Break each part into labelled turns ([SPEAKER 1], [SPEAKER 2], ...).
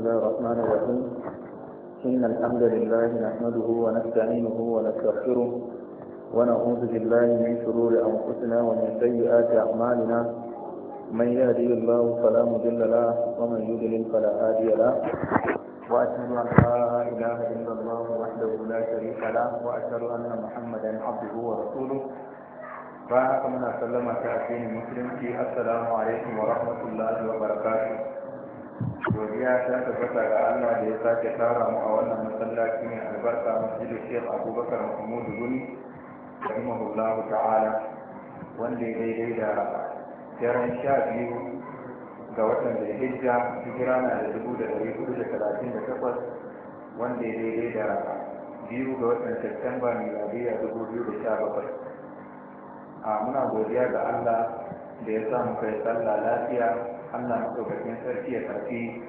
[SPEAKER 1] الله الرحمن الرحيم إن الحمد لله نحمده ونستعينه ونستغفره ونعوذ بالله من شرور أنفسنا ومن سيئات أعمالنا من يهدي الله فلا مضل له ومن يضلل فلا هادي له وأشهد أن لا إله إلا الله وحده لا شريك له وأشهد أن محمدا عبده ورسوله فهكذا من سلم تأتين المسلم السلام عليكم ورحمة الله وبركاته godiya ta tabbata ga Allah da ya sake tara mu a wannan masallaci mai albarka masjidu Sheikh Abubakar Mahmud Guni rahimahullah ta'ala wanda ya daidai da daren sha biyu ga watan da hijja hijira na da dubu da dari hudu da talatin da takwas wanda ya daidai da biyu ga watan Satumba miladiyya dubu biyu da sha bakwai a muna godiya ga Allah da ya sa mu kai sallah lafiya Allah madaukakin sarki ya karfi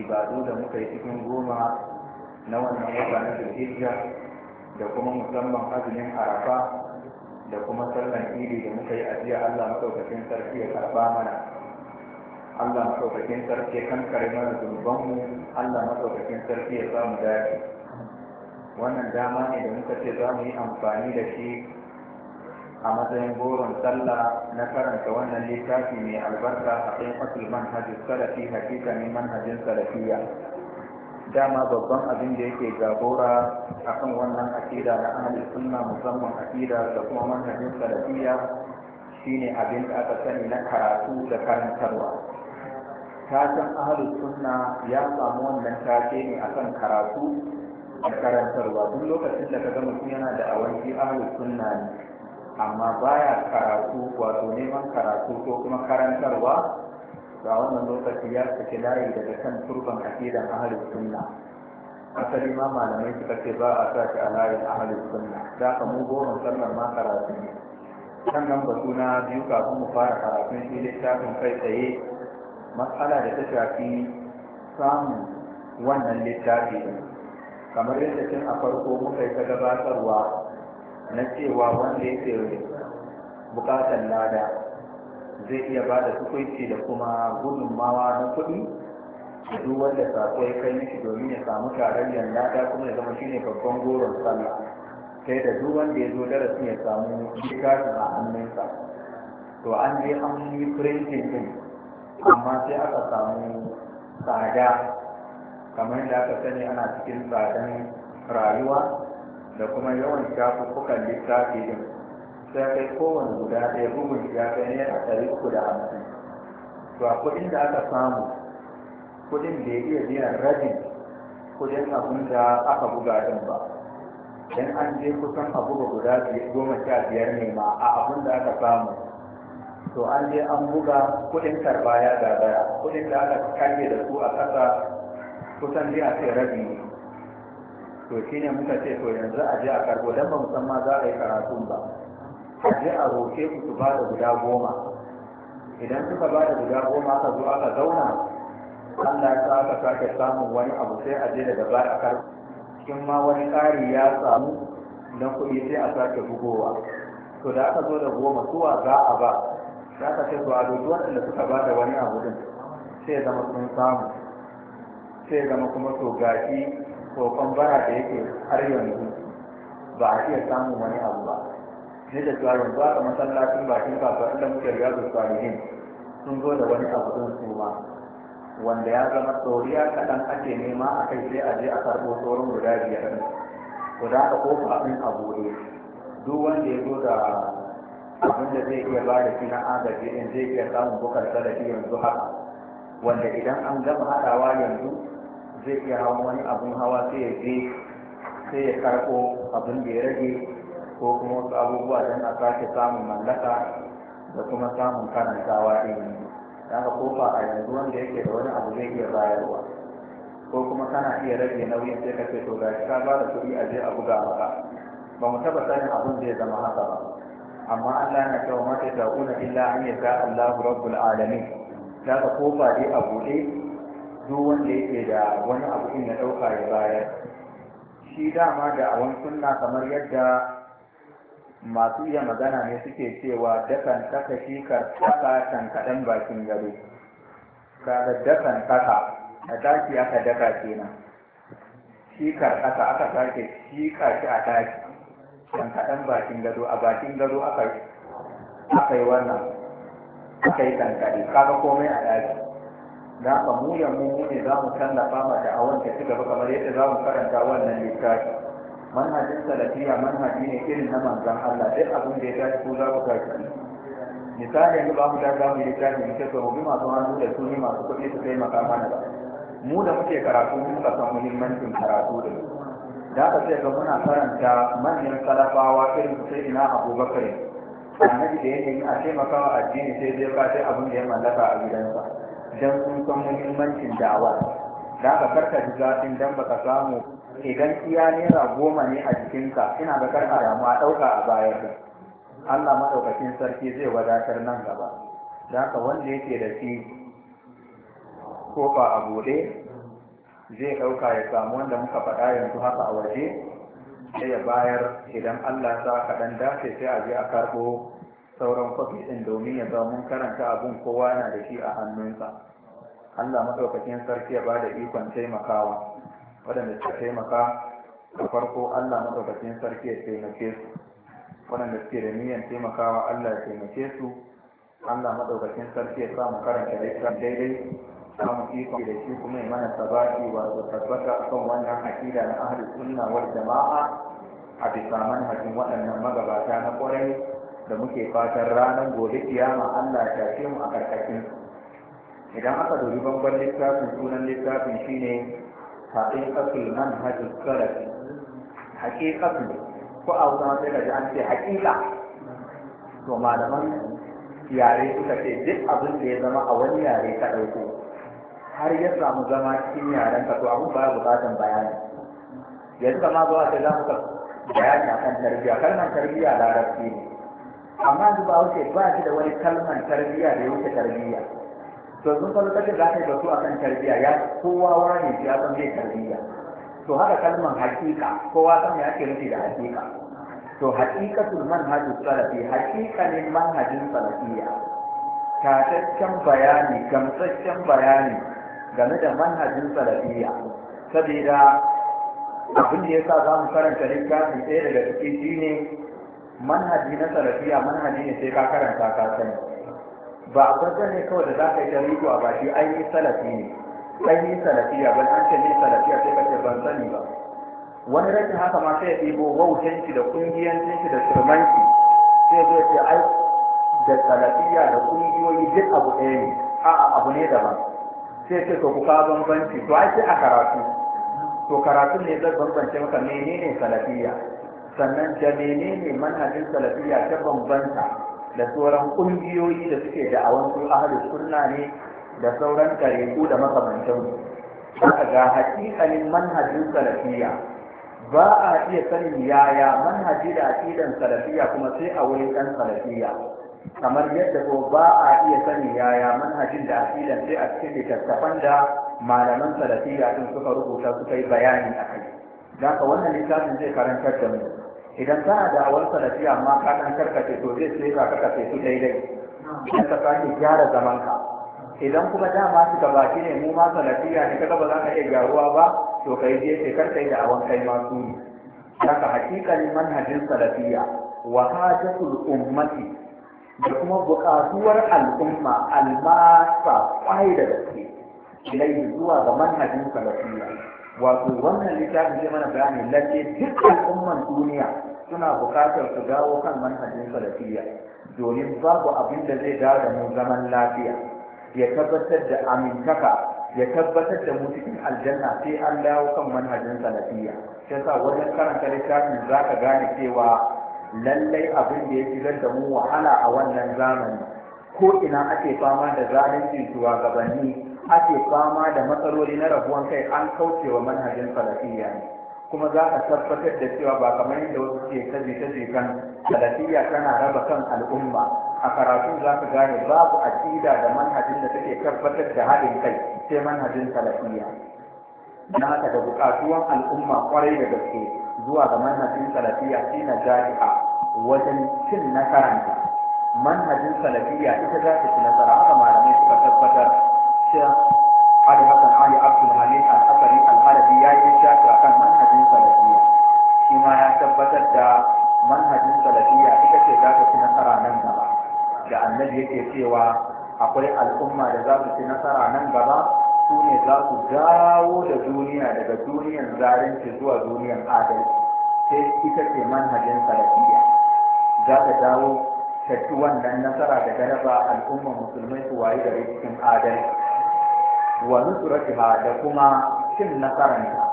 [SPEAKER 1] ibadu da muka yi cikin goma na wannan wata na zulhijja da kuma musamman azumin arafa da kuma sallan idi da muka yi a jiya. Allah madaukakin sarki ya karba mana Allah madaukakin sarki ya kankare mana zunubanmu Allah madaukakin sarki ya samu dace wannan dama ne da muka ce za mu yi amfani da shi a matsayin goron sallah na karanta wannan littafi mai albarka a ɗayan fasil manhajin salafi hakika ne manhajin salafiya dama babban abin da yake gabora kan wannan akida na ahli sunna musamman akida da kuma manhajin salafiya shine abin da aka sani na karatu da karantarwa tashin ahli sunna ya samu wannan take ne kan karatu da karantarwa duk lokacin da ka ga yana da awanci ahli sunna ne amma baya karatu wato neman karatu ko kuma karantarwa ga wannan lokaci ya saki layi daga kan turban akidan ahalin sunna asali ma malamai suka ce ba a sa a layin ahalin sunna da ka mu goma sallar ma karatu ne sannan batu na biyu kafin mu fara karatun shi littafin kai tsaye matsala da ta shafi samun wannan littafi kamar yadda tun a farko muka yi ta gabatarwa na cewa wanda yake bukatar lada zai iya ba da tukwaici da kuma gudunmawa na kuɗi da duk wanda sako ya kai mishi domin ya samu tarayyar lada kuma ya zama shi ne babban goron sami sai da duk wanda ya zo darasin ya samu littafin a hannunsa to an je an yi printing din amma sai aka samu tsada kamar da aka sani ana cikin tsadan rayuwa da kuma yawan shafukukan littafi din sai kai kowane guda ɗaya bugun ya kai a ɗari uku da hamsin to a kuɗin da aka samu kuɗin da ya iya biyan rajin kuɗin abin da aka buga din ba dan an je kusan a buga guda goma sha biyar ne ma a abin da aka samu to an je an buga kuɗin karɓa ya gagara kuɗin da aka kalle da su a ƙasa kusan dai sai ce rabi ne to ne muka ce to yanzu a je a karbo don ba musamman za a yi karatun ba a je a roke ku su ba da guda goma idan suka ba da guda goma aka zo aka zauna an da sa aka sake samun wani abu sai a je daga gaba a karbo cikin ma wani ƙari ya samu don kuɗi sai a sake bugowa to da aka zo da goma zuwa za a ba za ka ce to a duk waɗanda suka ba da wani abu din sai zama sun samu sai zama kuma to gashi kokon bara da yake har yanzu ba a iya samun wani abu ba ne da cewa yanzu aka masallacin bakin kafa inda muke riga da tsarihin sun zo da wani abu don su ma wanda ya zama tsoriya kaɗan ake nema a kai sai a je a karɓo tsoron guda biyar ne to da kofa abin a buɗe duk wanda ya zo da abin da zai iya ba da shi na agaji in zai iya samun bukar salafi yanzu haka wanda idan an gama haɗawa yanzu zai iya hawa wani abin hawa sai ya je sai ya karɓo abin da ya rage ko kuma wasu abubuwa don a sake samun mallaka da kuma samun karantawa ɗin da aka kofa a yanzu wanda yake da wani abu zai iya bayarwa ko kuma kana iya rage nauyin sai ka to ga ka ba da kuɗi a je a buga maka ba mu taɓa sanin abin zai zama haka ba amma Allah yana cewa mata ta'una illa an yasa Allahu rabbul alamin da ka kofa dai a buɗe duk wanda yake da wani abu in ya ɗauka ya bayar shi dama da awan sunna kamar yadda masu iya magana ne suke cewa dakan kaka shi karkaka tankaɗen bakin gado kaga dakan kaka a taki aka daka kenan shi karkaka aka sake shi kashi a taki tankaɗen bakin gado a bakin gado aka yi wannan aka yi tankaɗe kaga komai a taki da haka mu mu ne za mu tallafa mata a wanda ci gaba kamar yadda za mu karanta wannan littafi manhajin salafiya manhaji ne irin na manzan Allah duk abin da ya dace ko za ku kaji misali yanzu ba mu da za mu yi littafi mu ce mu bi masu hannu da suni masu kuɗi su taimaka mana ba mu da muke karatu mu ka san muhimmancin karatu da da aka ce ga muna karanta manyan salafawa irin su sai ina abubakar annabi da yake a taimakawa addini sai dai ba sai abin da ya mallaka a gidansa don sun san muhimmancin da'awa da ka karka ji zafin don baka samu idan iya naira goma ne a jikinka ina da karka a ɗauka a baya. ka Allah maɗaukacin sarki zai wadatar nan gaba da ka wanda yake da shi kofa a buɗe zai ɗauka ya samu wanda muka faɗa yanzu haka a waje sai ya bayar idan Allah sa kaɗan dace sai a je a karɓo sauran kwafi ɗin domin ya mun karanta abin kowa na da shi a hannunsa allah maɗaukakin sarki ya ba da ikon taimakawa waɗanda suka taimaka da farko allah maɗaukakin sarki ya taimake su waɗanda suke da niyyar taimakawa allah ya taimake su allah maɗaukakin sarki ya samu karanta littafin daidai samu ikon da shi kuma ya mana sabaki wato tabbata akan wannan aƙida na ahli sunna wal jama'a a bisa manhajin waɗannan magabata na ƙwarai da muke fatan ranar gobe kiyama Allah ya tashe mu a karkashin idan aka dubi bangon littafin sunan littafin shine haqiqatul manhajus salafi haqiqatul ko a wuta sai an ce haqiqa to malaman yare suka ce duk abin da ya zama a wani yare ka ɗauko har ya samu zama cikin yaren ka to abun ya bukatan bayani yanzu kama zuwa sai za mu ka bayani akan tarbiyya kalmar tarbiyya larabci ne amma yanzu ba wuce ba shi da wani kalmar tarbiyya da ya wuce tarbiyya to sun kwallo lokacin za ka yi batu kan tarbiyya ya kowa wani shi ya san zai tarbiyya to haka kalmar hakika kowa san ya ake nufi da hakika to hakikatul manhajus salafi hakika ne manhajin salafiyya tataccen bayani gamsasshen bayani game da manhajin salafiyya saboda abin da ya sa za mu karanta littafin ɗaya daga ciki shine manhaji na salafiya manhaji ne sai ka karanta ka sani ba a kwanta ne kawai da za ka yi ta riko a bashi ainihin salafi ne Ainihin salafiya ban an ce ne salafiya sai ka ce ban sani ba wani rashin haka ma sai ya ɗibo wautanci da ƙungiyancinci da shirmanci sai zai ce ai da salafiya da ƙungiyoyi duk abu ɗaya ne a'a abu ne daban sai ce to kuka bambanci to ai sai a karatu to karatun ne zai bambance maka menene salafiya sannan da menene manhajin salafiyya ta bambanta da sauran ƙungiyoyi da suke da awan su ahlus sunna ne da sauran kareku da makamantan haka ga hakikalin manhajin salafiyya ba a iya sanin yaya manhaji da aqidan salafiyya kuma sai a wurin dan salafiyya kamar yadda ko ba a iya sanin yaya manhajin da aqidan sai a cikin littattafan da malaman salafiyya din suka rubuta suka yi bayani a kai. Daka wannan littafin zai karantar da mu. idan ka da dawar salafiya amma ka dan karkace to zai sai ka karkace su daidai idan ka sake gyara zamanka idan kuma ma shi gabaki ne mu ma salafiya ne kaga ba za ka iya gyaruwa ba to kai je sai yi da awan kai ma su ne haka hakikan manhajin salafiya wa hajatul ummati da kuma buƙatuwar al'umma almasa kwai da gaske ilai zuwa ga manhajin salafiya wato wannan littafin zai mana bayani lalle duk al'umman duniya suna buƙatar su dawo kan manhajin salafiyya domin babu abin da zai dawo da mu zaman lafiya ya tabbatar da amintaka ya tabbatar da mu cikin aljanna sai an dawo kan manhajin salafiyya shi sa wajen karanta littafin za ka gane cewa lallai abin da ya shigar da mu wahala a wannan zamani ko ina ake fama da zalunci shugabanni ake fama da matsaloli na rabuwan kai an kaucewa manhajin salafiyya ne kuma za a tabbatar da cewa ba kamar yadda wasu ke kaji ta jikan salafiyya tana raba kan al'umma a karatu za ka gane babu aƙida da manhajin da take tabbatar da haɗin kai sai manhajin salafiyya na haka da buƙatuwan al'umma kwarai da gaske zuwa ga manhajin salafiyya shi na jari'a wajen cin nasaranta manhajin salafiyya ita za ta ci nasara haka malamai suka tabbatar sai hada ali abdul halim al ya yi shafi akan manhajin salafiya Shima ya tabbatar da manhajin salafiya ita ce za ta ci nasara nan gaba da annabi yake cewa akwai al'umma da za su ci nasara nan gaba su ne za su dawo da duniya daga duniyar zarinci zuwa duniyan adalci sai ita ce manhajin salafiya za ta dawo ta ci wannan nasara daga gara ba al'umma musulmai su wayi gare cikin adalci wa nusratiha da kuma cin nasaranta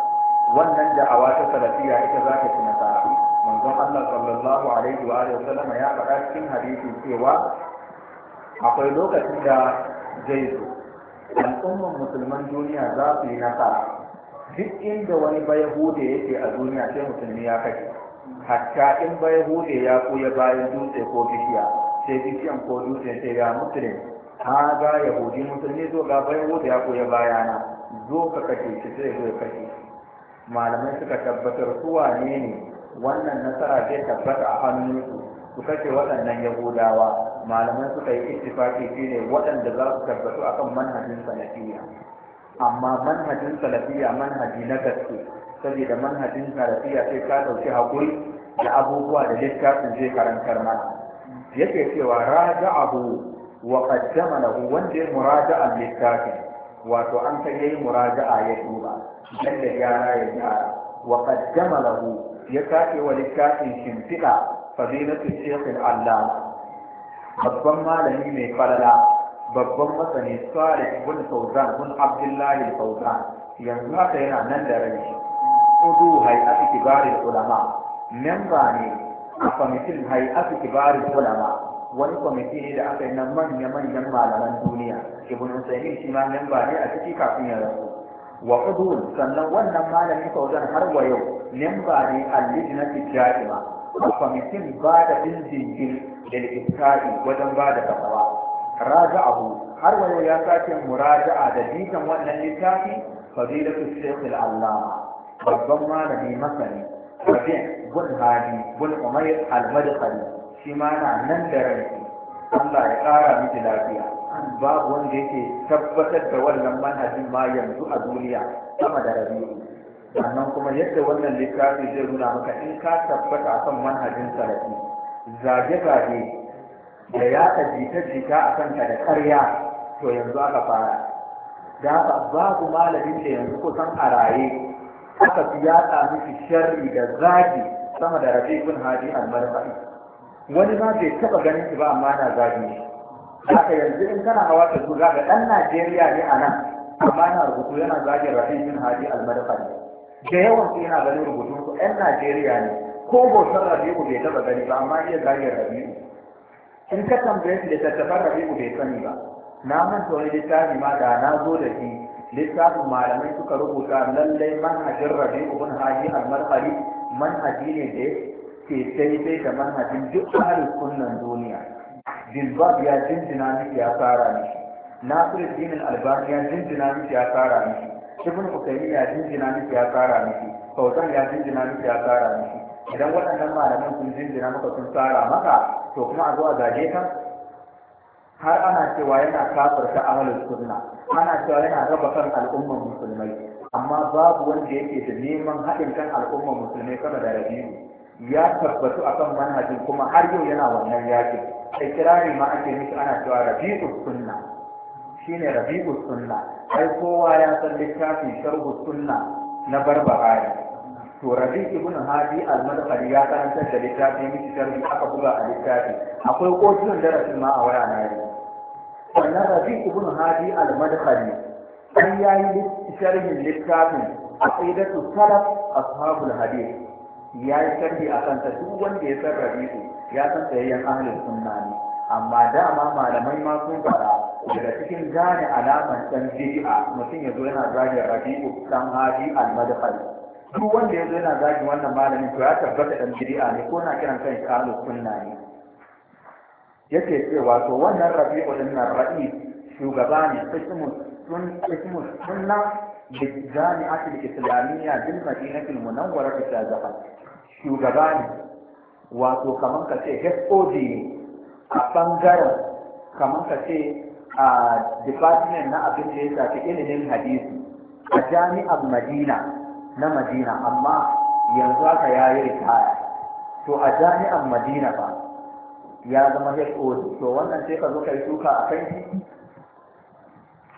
[SPEAKER 1] wannan da a wata salafiya ita za ta ci nasara manzon Allah sallallahu alaihi wa alihi wasallam ya faɗa cikin hadisi cewa akwai lokacin da zai zo al'umman musulman duniya za su yi nasara duk inda wani bayahude yake a duniya sai musulmi ya kashe hatta in bayahude ya koya bayan dutse ko bishiya sai bishiyan ko dutse sai ya musulmi Ta ga yahudi musulmi zo ga bai wuta ya koya bayana zo ka kace shi zai zo kace malamai suka tabbatar su wane ne wannan nasara zai tabbata a hannunsu su kashe waɗannan yahudawa malamai suka yi ittifaki shi ne waɗanda za su tabbatu akan manhajin salafiya amma manhajin salafiya manhaji na gaske saboda manhajin salafiya sai ka dauki hakuri da abubuwa da littafin zai karantar mana yake cewa raja'ahu wa qaddama lahu wanda ya muraja'a littafin wato an kai yayi muraja'a ya duba dan da gyara ya gyara wa qaddama lahu ya sake wa littafin shimfiɗa fadilatu shaykh Allah. babban malami mai falala babban masani salih bin fawzan bin abdullahi fawzan yanzu haka yana nan da rai udu hay'atu kibarul ulama memba ne a kwamitin hay'atu kibarul ulama wani kwamiti ne da aka yi na manya-manyan malaman duniya ibn usaimin shi ma memba ne a ciki kafin ya rasu wa udul sannan wannan malami fauzan har wa yau memba ne a lijinati jami'a kwamitin ba da injin da iskari wajen ba da kafawa abu, har wa yau ya sake muraja'a da dikan wannan littafi fadilatu shaykh Allah babban malami masani rabi' bun hadi bun umayr al-madkhali shi ma na nan da rai Allah ya ƙara miki lafiya babu wanda yake tabbatar da wannan manhajin ma yanzu a duniya sama da rabi. sannan kuma yadda wannan littafi zai nuna maka in ka tabbata kan manhajin sarafi zage-zage da yaɗa jita-jita a kanta da ƙarya to yanzu aka fara da haka babu malamin da yanzu kusan a raye aka fi yaɗa miki sharri da zagi sama da rabi ibn hadi al wani ma bai taɓa ganin shi ba amma ana zagi haka yanzu in kana hawa ta zuwa ga dan Najeriya ne a nan amma na rubutu yana zagin Rahim bin Hadi al-Madkhali da yawan su yana ganin rubutun su ɗan Najeriya ne ko bautar Rabi'u bai taɓa gani ba amma iya zagin Rabi'u in ka tambaye shi tattafan Rabi'u bai sani ba na manta wani littafi ma da na zo da shi littafin malamai suka rubuta lallai manhajin Rabi'u bin Hadi al-Madkhali manhaji ne da ke daidai da manhajin duk tsarin kunnan duniya dilbab ya jinjina miki ya fara miki nasiruddin albani ya jinjina miki ya fara miki ibn usaimi ya jinjina miki ya fara miki fauzan ya jinjina miki ya fara miki idan waɗannan malaman sun jinjina maka sun fara maka to kuma a zo a gaje ka har ana cewa yana kafirta ahlus sunna ana cewa yana raba kan al'ummar musulmai amma babu wanda yake da neman haɗin kan al'ummar musulmai kama da rabiu ya tabbatu akan manhajin kuma har yau yana wannan yaki kirari ma ake nufi ana cewa Rabi'u sunna shine rabi'u sunna ai kowa ya san littafin sharhu sunna na barbahari to rabi ibn hadi al-madkhali ya karantar da littafin miki sharhi aka buga a littafi akwai kotun darasin ma a waya na yi wannan rabi ibn hadi al-madkhali an yayi sharhin littafin aqidatu salaf ashabul hadith ya yi sharhi a kanta duk wanda ya san rabi'u ya san tsayayyen ahalin sunna ne amma dama malamai ma sun fara daga cikin gane alaman ɗan bid'a mutum ya zo yana zagin rabi'u dan hadi al duk wanda ya zo yana zagin wannan malamin to ya tabbata ɗan bid'a ne ko na kiran kan ahalin sunna ne yake cewa to wannan rabi'u din nan ra'i shugaba ne sun ismu sunna بالجامعة الإسلامية بالمدينة المنورة ta zaha. shugaba ne wato kamar ka ce hod a ɓangaren kamar ka ce a department na abin da ya shafi ilimin hadisi a jami'ar madina na madina amma yanzu haka ya yi ritaya to a jami'ar madina ba ya zama hod to wannan sai ka zo ka yi shuka a kan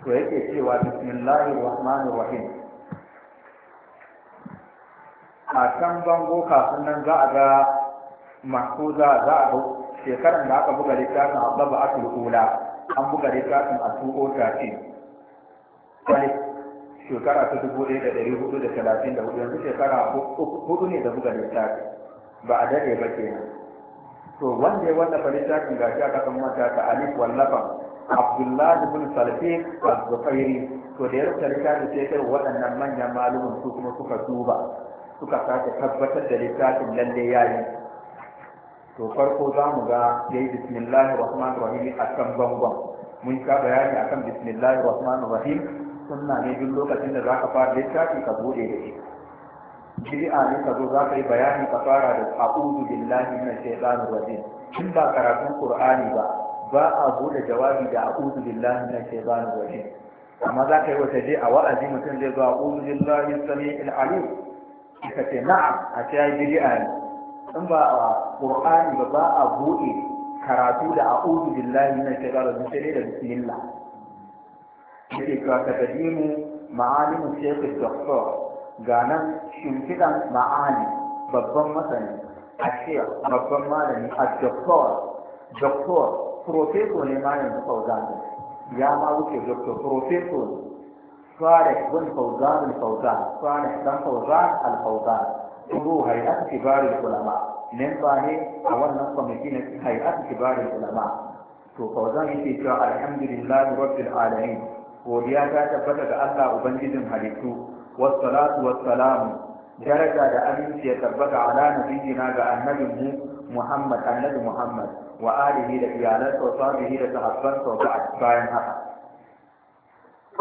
[SPEAKER 1] to yake cewa bismillahir rahmanir rahim a can bango kafin nan za a ga makuza za a shekarar da aka buga littafin ababa a Kula an buga littafin a 2013 shekara ta dubu ɗaya da ɗari hudu da talatin da hudu yanzu shekara hudu ne da buga littafi ba a dare ba kenan to wanda ya wallafa littafin gashi a kasan mata ta alif wallafa abdullahi bin salfi az-zufairi to da ya rubuta littafin sai kai waɗannan manyan malumin su kuma suka duba suka sake tabbatar da littafin lalle yayi to farko za mu ga yayi bismillahir rahmanir rahim akan bangon mun ka bayani akan bismillahir rahmanir rahim sunna ne duk lokacin da zaka fara littafi ka bude da shi bid'a ne ka zo za ka yi bayani ka fara da a'udhu billahi minash shaitanir rajim in ba karatun qur'ani ba ba a bude jawabi da a'udhu billahi minash shaitanir rajim amma za ka yi wata je a wa'azi mutum zai zo a'udhu billahi samii'il alim ka ce na'am a ce ya bid'a ne in ba a qur'ani ba ba a buɗe karatu da a'udhu billahi minash shaitanir rajim sai da bismillah yake cewa ka tadimu ma'alimu shekul doktor ga nan shimfiɗan ma'ali babban masani a babban malami a doktor doktor profeso ne ma yanzu fauzanin ya ma wuce doctor profeso ne salih bin fauzan al fauzan dan fauzan al turu hay'at kibar kulama nan ba ne a wannan kwamiti na hay'at kibar kulama to fauzan yake cewa alhamdulillah rabbil alamin godiya ta tabbata ga Allah ubangijin halittu wassalatu wassalamu daraja da aminci ya tabbata ala nabiyina ga annabinmu Muhammad annabi Muhammad wa alihi da iyalansa wa sahbihi da sahabbansa wa ba'd bayan haka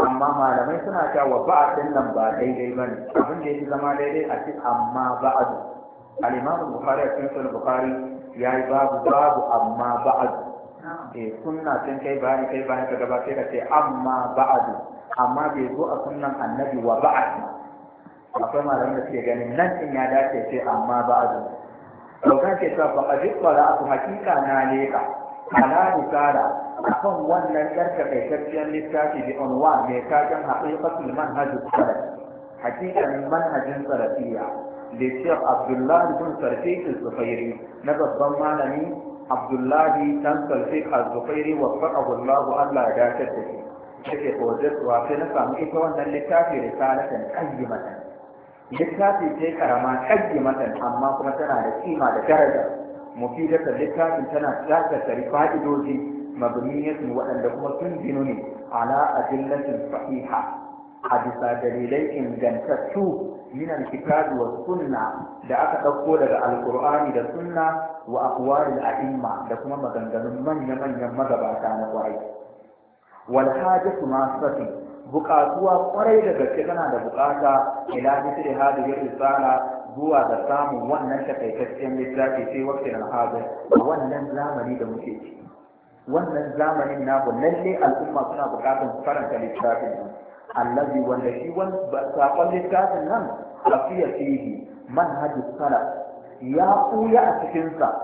[SPEAKER 1] amma malamai suna cewa wa nan ba daidai bane abin da yake zama daidai a cikin amma ba'd al-imam bukhari cikin sunan bukhari yayi babu babu amma ba'd eh sunna sun kai bayan kai bayan ka gaba sai ka ce amma ba'd amma bai zo a sunnan annabi wa ba'd akwai malamai da suke ganin nan din ya dace sai amma ba'd dauka ke sa ba a duk aku hakika na leka ala a akan wannan yar takaitacciyar littafi da wa mai kajan haqiqatul manhaj salaf hakikan manhajin tsara da Sheikh Abdullahi bin Sarfiq zufairi na babban malami Abdullahi dan Sarfiq al-Zufairi wa Allah Allah ya dace da shi take kodarwa sai na samu ita wannan littafi risalatan ƙayyumatan. littafi sai karama kagge matan amma kuma tana da kima da daraja mufidatan littafin tana tsakasari fa'idoji mabniyatin waɗanda kuma sun ginu ne ala adillatin sahiha a bisa dalilai ingantattu min alkitabi wa sunna da aka ɗauko daga alqur'ani da sunna wa aqwalil a'imma da kuma maganganun manya-manyan magabata na kwarai wal hajatu ma sati Bukatuwa kwarai da gaske tana da buƙata ila hadi ya risala zuwa da samun wannan takaitaccen littafi sai waktin na hadir wannan zamani da muke ci. wannan zamanin na lalle al'umma suna buƙatar karanta littafin nan allazi wanda shi sakon littafin nan tafiya fihi manhajus salaf ya kuya a cikinsa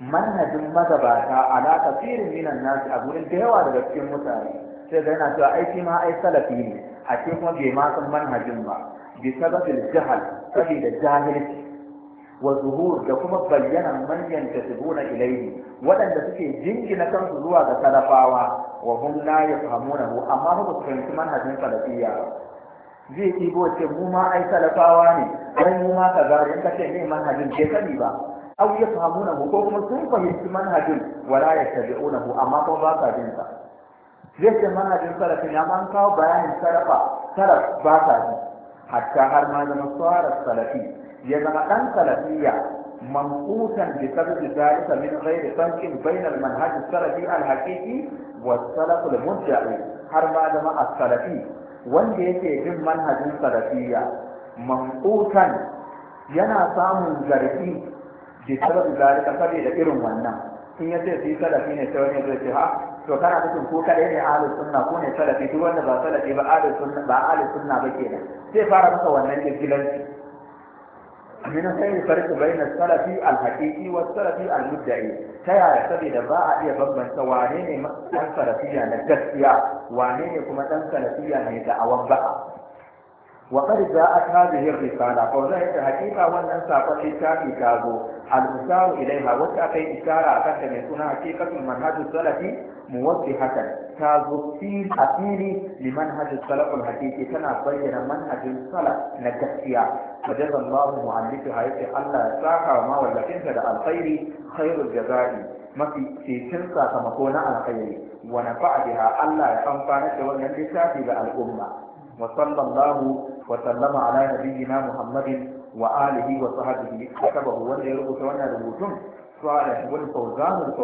[SPEAKER 1] manhajin magabata ala kafirin minan nasi a gurin da yawa daga cikin mutane sai ga yana cewa ai shi ma ai salafi ne a ce kuma bai ma san manhajin ba bi sababil jahal saboda jahilci wa zuhur da kuma bayyana manyan tasbuna ilaihi waɗanda suke jingina kansu zuwa ga salafawa wa hum la yafhamunahu amma ba su fahimci manhajin salafiyya ba zai bo ce mu ma ai talafawa ne dan mu ma kaza in ka ce ne manhajin ke sani ba aw yafhamunahu ko kuma sun fahimci manhajin wala yattabi'unahu amma kuma ba sa jin zai manhajin salafin ya an kawo bayanin sarafa salaf ba ta ji hatta har ma zama tsara salafi ya zama dan salafiya manqutan bi zalika منقوصا بسبب ذلك من غير فرق بين المنهج السلفي salaf al المدعي har ma zama a salafi wanda yake bin manhajin salafiya manqutan yana samun zargi bi sababi zalika saboda irin wannan in yace ce shi salafi ne sai wani zai ce ha to kana cikin ko kadai ne ahlus sunna ko ne salafi duk wanda ba salafi ba ahlus sunna ba ahlus sunna ba kenan sai fara maka wannan jigilanci min sai farqu baina salafi al-haqiqi wa salafi al-mudda'i ta yaya saboda ba a iya bambanta wane ne dan salafiya na gaskiya wane ne kuma dan salafiya mai da'awan ba'a وقد جاءت هذه الرسالة فوزعت حقيقة وأن ساقط الشافي كابو المشار إليها وتأتي إشارة أكثر من حقيقة المنهج السلفي haka ta zo fil asiri liman hajjin salafin hakiki tana bayyana manhajin sala na gaskiya wajen zallahu mu'allifi hayyace Allah ya saka ma wallafinsa da alkhairi khairul jaza'i mafi cikin sakamako na alkhairi Wani nafa'a Allah ya amfana da wannan littafi ga al'umma wa sallallahu wa sallama ala nabiyyina Muhammadin wa alihi wa sahbihi kitabahu wanda ya rubuta wannan rubutun Salih bin Fawzan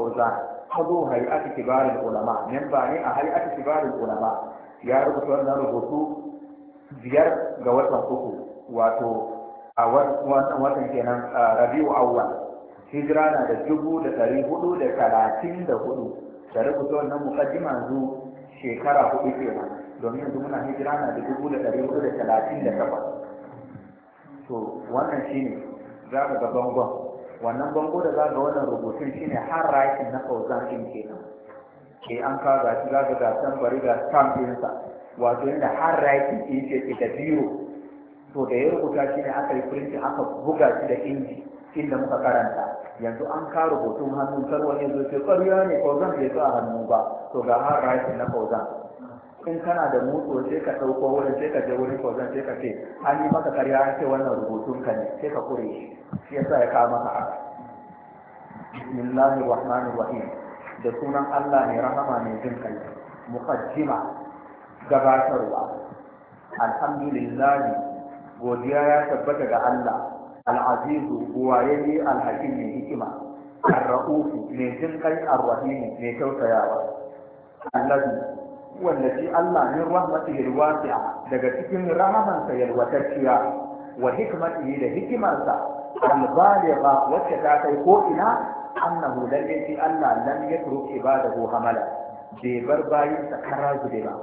[SPEAKER 1] hazo hay'atu kibarul ulama memba ne a hay'atu barin ulama ya rubuta wannan rubutu biyar ga watan uku wato a watan kenan rabiu awwal hijira na da dubu da dari hudu da talatin da hudu da rubuta wannan mukaddima yanzu shekara hudu kenan domin yanzu muna hijira na da dubu da dari hudu da talatin da takwas to wannan shine za mu ga bangon wannan bango da za ga wannan rubutun shine har rakin na fauzan din kenan ke an ka ga shi zaga ga san bari ga stamp ɗinsa wato inda har rakin din ce da biyu. to da ya rubuta ne aka yi printing aka buga shi da inji inda muka karanta yanzu an ka rubutun hannun kar wani zo ce ƙarya ne fauzan bai zo a hannu ba to ga har rakin na fauzan in kana da motsa sai ka ɗauko wurin sai ka je wurin kwazon sai ka ce an yi maka karya an ce wannan rubutun ka ne sai ka kure shi yasa ya kawo maka haka bismillahir rahmanir rahim da sunan Allah ne rahama ne jin kai muqaddima gabatarwa alhamdulillahi godiya ya tabbata ga Allah al'azizu buwaye alhakim ne hikima arra'ufu mai jin kai arrahim mai tausayawa Allah wallafi Allah min rahmatihi alwasi'a daga cikin rahamansa yalwatacciya wa hikmatihi da hikimarsa albaligha wacce ta kai ko ina annahu lalle shi Allah lam yatruk ibadahu hamala bai bar bayin sa kara ba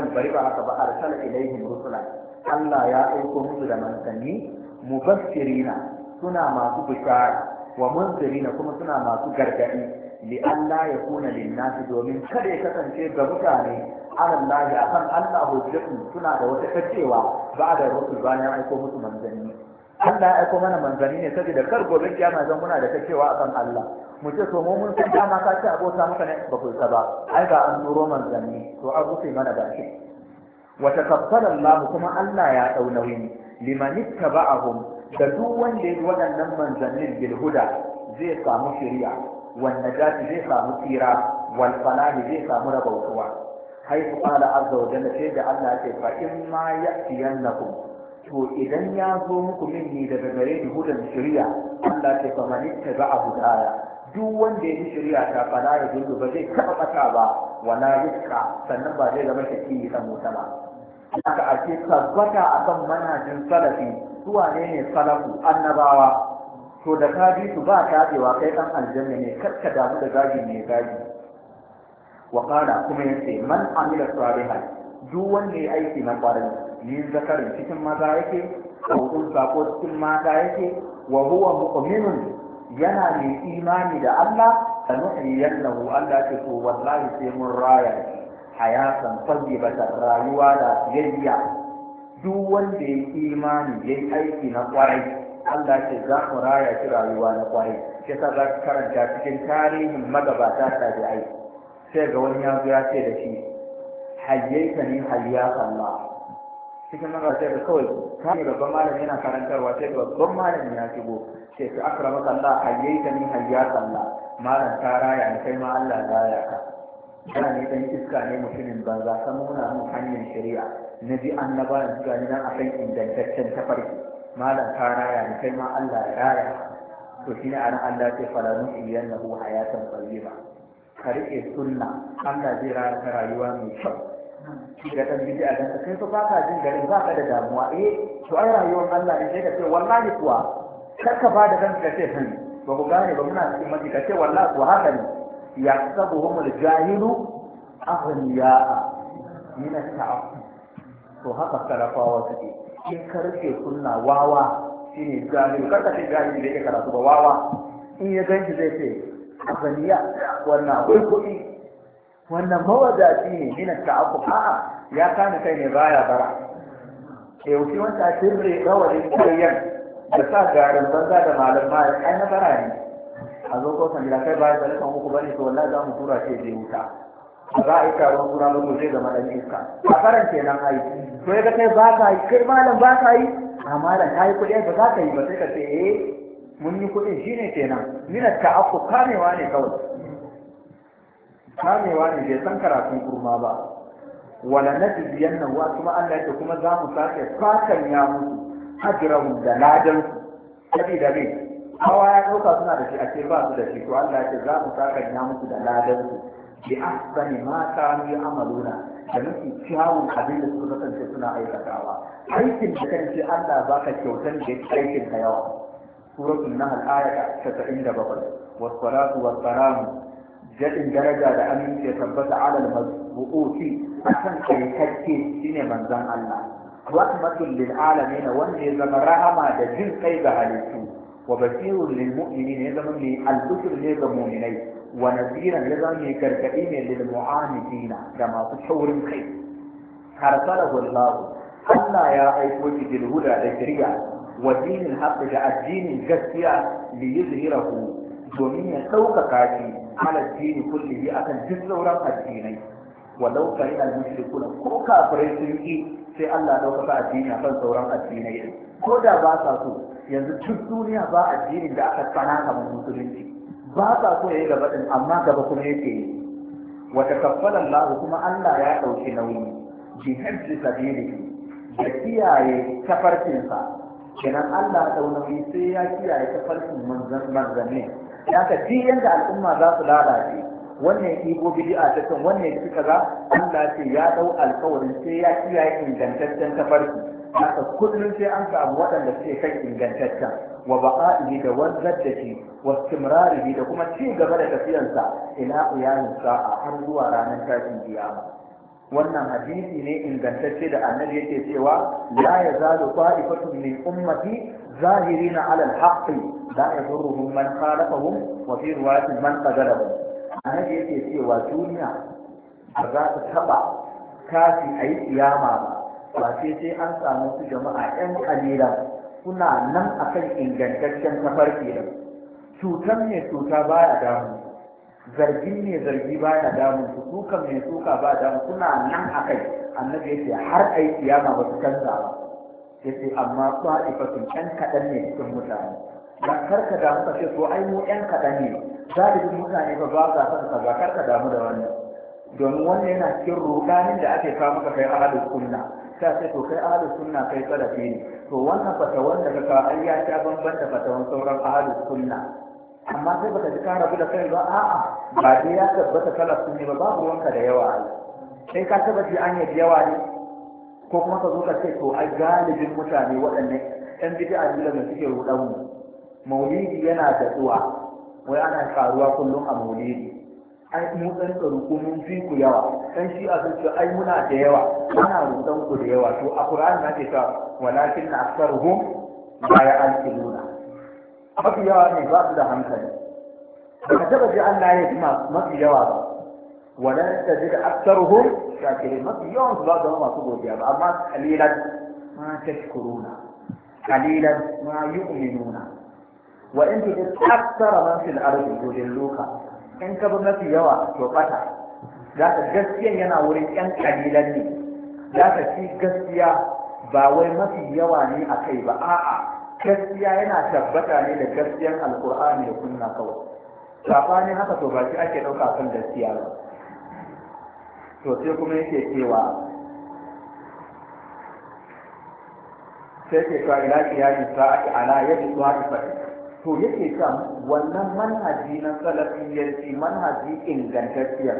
[SPEAKER 1] al bari ba haka ba arsala ilaihim rusula Allah ya aiko musu da manzanni mubassirina suna masu bishara wa munzirina kuma suna masu gargadi Allah ya kuna linnasi domin kada ya kasance ga mutane alan akan a kan Allah hujjatun suna da wata kacewa ba da rusul bayan aiko musu manzanni Allah ya aiko mana manzanni ne saboda kar gobe kiyama zan muna da kacewa akan Allah mu ce to mu mun san dama ka ce abota maka ne ba ku ba ai ga an nuro manzanni to an rufe mana baki wa takabbala Allah kuma Allah ya dau nauyin liman ittaba'ahum da duk wanda ya yi waɗannan manzannin bil huda zai samu shari'a Wanne jati zai samu tsira wal falahi zai samu rabautuwa haifu qala azza wa jalla sai da Allah ce fa in ma ya'tiyannakum to idan ya zo muku minni daga gare ni hudan shari'a Allah ce fa man ittaba'a hudaya duk wanda ya bi shari'a ta fala ya ba zai taba bata ba wala yusqa sannan ba zai zama shaki kan wuta ba haka ake tabbata akan manajin salafi suwa ne ne salafu annabawa to da ka bi su ba tabewa kai dan aljanna ne karka damu da gaji mai gaji. wa qala kuma yace man amila salihan duk wanda ya aiki na kwarin min zakarin cikin maza yake ko unsa ko cikin mata yake wa huwa mu'minun yana mai imani da Allah da nuhyiyannahu Allah ce to wallahi sai mun raya hayatan tayyibatan rayuwa da yayya duk wanda ya imani yayi aiki na kwarai Allah ce za mu raya shi rayuwa na kwari shi sa za ka karanta cikin tarihin magabata ta ai sai ga wani ya ya ce da shi hayyaita ni hayya kalla cikin sai da kawai ka ne babban malam yana karantarwa sai da babban malam ya shigo sai ka akramaka Allah hayyaita ni hayya kalla malam ta raya ni kai ma Allah ya raya ka da ne dan iska ne mutumin banza san muna mun hanyar shari'a na bi na ba ni a akan ingantaccen tafarki malam ka raya ni kai ma Allah ya raya to shi shine anan Allah ce na buha, ya san hayatan tayyiba ka rike sunna Allah zai raya ka rayuwa mai kyau ki ga dan bidi a ganta, kai to ba ka jin garin ba ka da damuwa eh to ai rayuwar Allah ne sai ka ce wallahi kuwa kar ka ba da kanka ce hin hmm, ba ku gane ba muna cikin maji ka ce wallahi kuwa haka ne Ya yahsabuhumul jahilu aghniya'a min at-ta'affuf to haka sarafawa suke in ka suna sunna wawa shine gani kar ka shi gani da ya karatu ba wawa in ya ganki zai ce azaniya wannan akwai kuɗi wannan mawadaci ne mina ta'afu a'a ya kana kai ne baya bara ke wuce wanda sirri rawalin kayan da sa garin banza da malam ma ai na bara ne a zo ko san gida kai baya da kan uku bane to wallahi za mu tura ce zai wuta za a yi taron suna mu zai zama ɗan iska a karan kenan yi. to ya ga kai ba ka yi kai malam ba ka yi a malam ka yi kuɗi ba za ka yi ba sai ka ce eh mun yi kuɗin shi ne kenan ta ta'akku kamewa ne kawai kamewa ne bai san karatun kurma ba wala najziyan nan wa kuma Allah yake kuma za mu sake fatan ya musu hajrahum da ladan sabida bai hawa ya ɗauka suna da shi a ce ba su da shi to Allah ce za mu sakan ya musu da ladan su bi ahsani ma kanu ya'maluna da mafi kyawun abin da suka kasance suna aikatawa aikin da kan ce Allah baka kyautar da aikin ka yawa suratul nahl aya ta 97 was salatu was salam jadin daraja da aminci ya tabbata ala al-mazbuuti akan kaikakke shine manzon Allah rahmatul lil alamin wanda ya zama rahama da jin kai ga halittu wa basirul lil mu'minin ya zama mai albishir ne ga mu'minai wa nasiran ya zama mai gargaɗi ne lil mu'amidina da masu taurin kai harsalahu Allah Allah ya aiko shi bil huda da shari'a wa dinin haqq da addinin gaskiya li yuzhirahu domin ya ɗaukaka shi ala dini kullihi akan duk sauran addinai walau kare al mushrikuna ko kafirai sun yi sai Allah ɗaukaka addini akan sauran addinai ko da ba sa so yanzu duk duniya ba addinin da aka tsana kamar musulunci ba sa so yi gaba ɗin, amma gaba kuma yake yi Wata takaffala Lahu kuma Allah ya ɗauki nauyi bi hajji sabili da kiyaye tafarkinsa kenan Allah da nauyi sai ya kiyaye tafarkin manzan manzanni ya ka ji yanda al'umma za su lalace wannan ibo bid'a ta kan wannan ya kaza Allah ce ya dau alkawarin sai ya kiyaye ingantaccen tafarki haka kullum sai an samu waɗanda suke kan ingantaccen wa baqa'ihi da wanzar da shi wa istimrarihi da kuma ci gaba da tafiyarsa ila qiyamis sa'a har zuwa ranar tashin kiyama wannan hadisi ne ingantacce da annabi yake cewa la yazalu qa'ifatun min ummati zahirina 'ala al yi la yadurruhum man khalafahum wa fi riwayatin man qadalahum annabi yake cewa duniya ba za ta taba kafi ayi kiyama ba ba sai sai an samu su jama'a 'yan kalilan suna nan a kan ingantaccen tafarki da cutar ne cuta baya damu zargi ne zargi baya damu su suka mai suka ba damu suna nan a kai annabi ce har ai kiyama ba su canza ba yace amma ta'ifatun ɗan kaɗan ne cikin mutane ba karka damu ka ce to ai mu ɗan kaɗan ne za galibin mutane ba ba za su kaza karka damu da wannan domin wannan yana cikin ruɗanin da ake kawo maka kai hadin kunna. ta ce to kai ahalus sunna kai salafi ne to wannan fatawan wanda ka ai ya ta bambanta fatawan sauran ahalus sunna amma sai baka ji ka rabu da kai ba a'a ba dai ya tabbata salafi ne ba babu wanka da yawa sai ka tabbata an yi yawa ne ko kuma ka zo ka ce to ai galibin mutane waɗannan ɗan bid'a ne da suke rudan mu maulidi yana da tsuwa wai ana karuwa kullum a maulidi ai mu san tsaro ko mun fi ku yawa dan shi a zuciya ai muna da yawa muna rudan ku da yawa to a qur'ani na ce ta walakin aktsaruhum la ya'qiluna mafi yawa ne ba su da hankali baka taba ji Allah ya kuma mafi yawa ba ta da tajid aktsaruhum shakirin mafi yawan su ba da masu godiya ba amma qalilan ma ta tashkuruna qalilan ma yu'minuna wa in tajid aktsara man fil ardi yudilluka in ka bi mafi yawa to fata za ka gaskiya yana wurin ƴan kalilan ne za ka ci gaskiya ba wai mafi yawa ne a kai ba a'a gaskiya yana tabbata ne da gaskiyan alkur'ani da kunna kawai safanin haka to ba shi ake ɗauka kan gaskiya ba to sai kuma yake cewa sai ke cewa ila kiyamin sa'ati ala yadda suwa ta to yake kan wannan manhaji na salafiyyanci manhaji ingantacciyar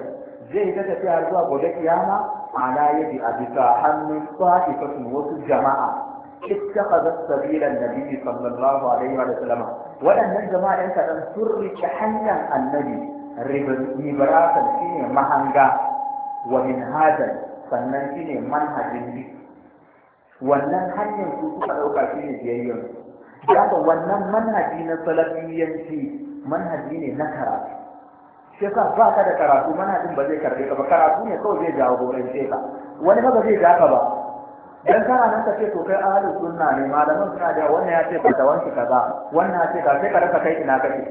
[SPEAKER 1] zai ta tafiya zuwa gobe kiyama ala yadi a bisa hannun fa'ifatun wasu jama'a kitta اتخذت سبيل nabi sallallahu alaihi wa وسلم waɗannan jama'a kaɗan sun rike hanyar annabi ribaratan shi ne mahanga wa min minhajan sannan shi ne manhajin wannan hanyar su suka ɗauka shi ne biyayyar daga wannan manhaji na salafiyanci manhaji ne na karatu shi yasa ba ka da karatu manhajin ba zai karbe ka ba karatu ne kawai zai jawo gorance ka wani ba zai ja ka ba dan kana nan ka ce to kai ahlu sunna ne malaman suna da wannan ya ce ba da wanki kaza wannan ya ce ka sai ka rasa kai ina kake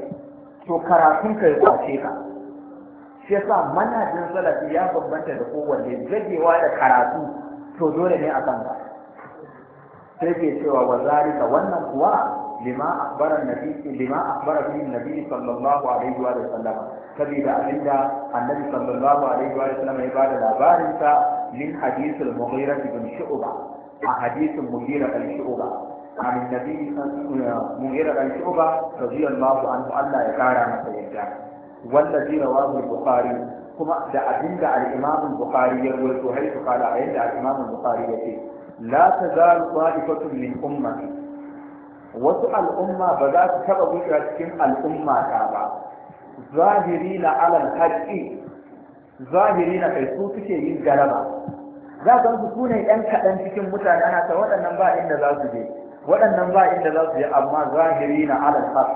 [SPEAKER 1] to karatun ka ya kwace ka shi yasa manhajin salafi ya bambanta da kowanne zagewa da karatu to dole ne a kanka sai ke cewa wa zalika wannan kuwa lima akhbara nabi lima akhbara bi nabi sallallahu alaihi wa sallam sabida abinda annabi sallallahu alaihi wa sallam ya bada labarin sa min hadith al-mughira ibn shu'ba a hadith al-mughira ibn shu'ba an nabi mughira ibn shu'ba radiyallahu anhu Allah ya kara masa yadda wallazi rawahu al-bukhari kuma da abinda al-imam al-bukhari ya rawaito haythu qala ayda al-imam al-bukhari yace la ta zalu ta'ifatun min ummati wasu al'umma ba za su taba gushewa cikin al'umma ta ba zahiri na alal haƙi zahiri na kai su suke yin galaba za ka su sune yan kaɗan cikin mutane ana ta waɗannan ba inda za su je waɗannan ba inda za su je amma zahiri na alal haƙ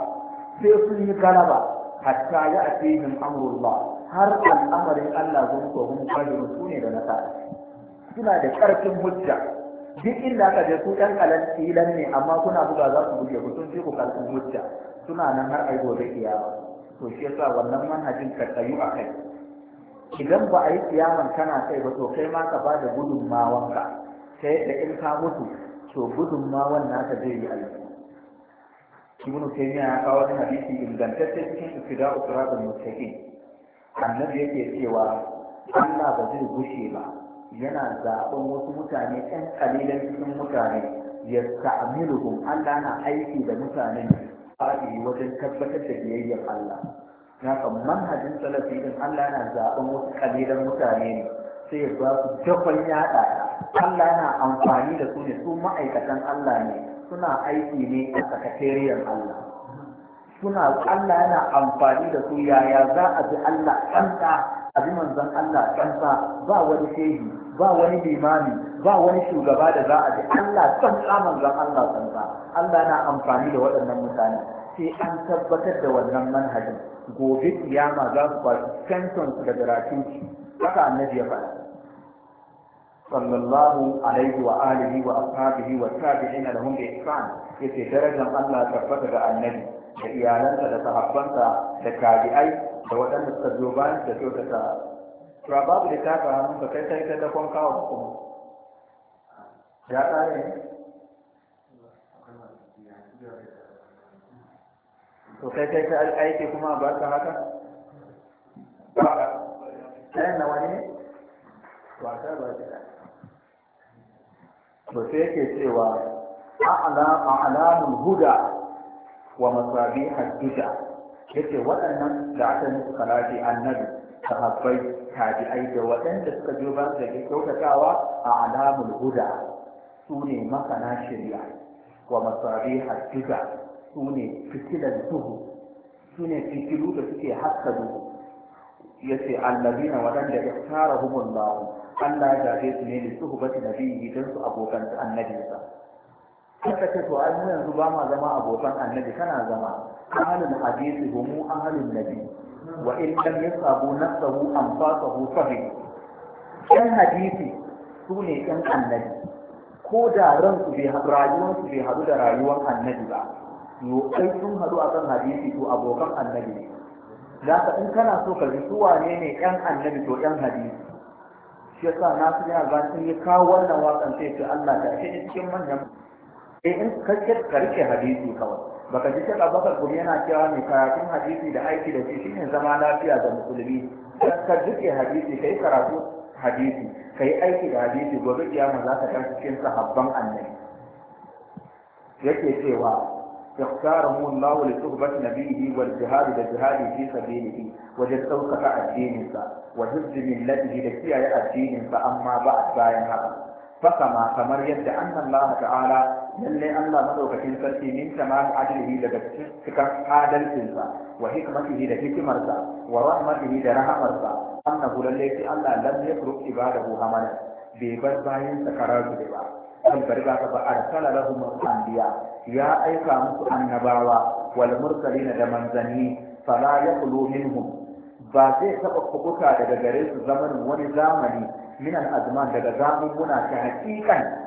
[SPEAKER 1] sai sun yi galaba hatta ya a cikin amrullah har al'amarin Allah zuwa hum su ne da nasara suna da ƙarfin hujja duk inda aka je ku ɗan kalan tilan ne amma kuna buga za ku buge ku sun fi ku kalsu hujja suna nan har ai gobe kiyama to shi yasa wannan manhajin ka tsayu a kai idan ba a yi kiyaman kana kai ba to kai ma ka ba da ka ta yadda in ka mutu to gudunmawan naka zai yi aiki ibn taymiya ya kawo wani hadisi ingantacce cikin ibtida usratul mustaqim annabi yake cewa Allah ba zai gushe ba yana zaɓen wasu mutane ɗan kalilan cikin mutane ya ta'amiluhum Allah na aiki da mutanen fa'i wajen tabbatar da biyayyar Allah na kan manhajin salafi din Allah na zaɓen wasu kalilan mutane ne sai ya ba su dakon yaɗa Allah na amfani da su ne su ma'aikatan Allah ne suna aiki ne a sakatariyar Allah suna Allah yana amfani da su yaya za a ji Allah ɗanta a ji manzon Allah ɗanta ba wani shehi ba wani limami ba wani shugaba da za a ji Allah san tsaman zan Allah san ba Allah na amfani da waɗannan mutane sai an tabbatar da wannan manhajin gobe kiyama za su kwashi kansan su daga ratunci haka annabi ya faɗa sallallahu alaihi wa alihi wa ashabihi wa tabi'ina lahum bi ihsan yace darajar Allah tabbata ga annabi da iyalansa da sahabbansa da tabi'ai da waɗanda suka zo bayan da kyautata ba babu da taka hannu ba kai kai ta dakon kawo kuma ya tsare ne to kai kai ta aiki kuma ba ta haka ba sai na wani ne ba ta ba ta to sai yake cewa a'lamul huda wa masabihad duda yace waɗannan da aka nufi kalafi annabi sahabbai tabi'ai da waɗanda suka biyo ba su ke kyautatawa a alamul huda su ne makana shari'a wa masari hajjuga su ne fitilar duhu su ne fitilu da suke haska duhu ya ce na waɗanda ya tara hukun lahu Allah ya zaɓe su ne da suhubati yi don su abokan annabinsa suka ce to ai yanzu ba ma zama abokan annabi kana zama ahalin hadisi humu ahalin nabi wa in lam yasabu tsawo an fasahu ne. yan hadisi su ne yan annabi ko da ransu bai rayuwarsu bai haɗu da rayuwar annabi ba yo kai sun haɗu akan hadisi to abokan annabi ne za in kana so ka ji su wane ne yan annabi to yan hadisi shi yasa na su yana a sun ya kawo wannan wasan sai ce Allah ta shi cikin manyan eh in kake ka rike hadisi kawai baka ji cewa Bakar gudu yana cewa mai karatun hadisi da aiki da shi shine zama lafiya da musulmi ka duke hadisi kai karatu hadisi kai aiki da hadisi gobe kiyama za ka tarfi cikin sahabban annabi yake cewa ihtaramu Allah li suhbat nabiyhi wal jihad da jihad fi sabilihi wa jassauka addininsa wa hizbi millatihi da kiyaye addininsa amma ba bayan haka fa kama kamar yadda annabi Allah ta'ala lallai Allah madaukakin sarki min tamal adlihi daga cikin adalcinsa wa hikmatihi da hikimarsa wa rahmatihi da rahamarsa annahu lallai sai Allah lam yakru ibadahu hamala bai bar bayan sakarar da ba kan barga ka ba arsala lahum anbiya ya aika musu annabawa wal mursalina da manzani fala yaqulu minhum ba zai taɓa kubuta daga gare su zamanin wani zamani Minan al-azman daga zamun muna ta hakikan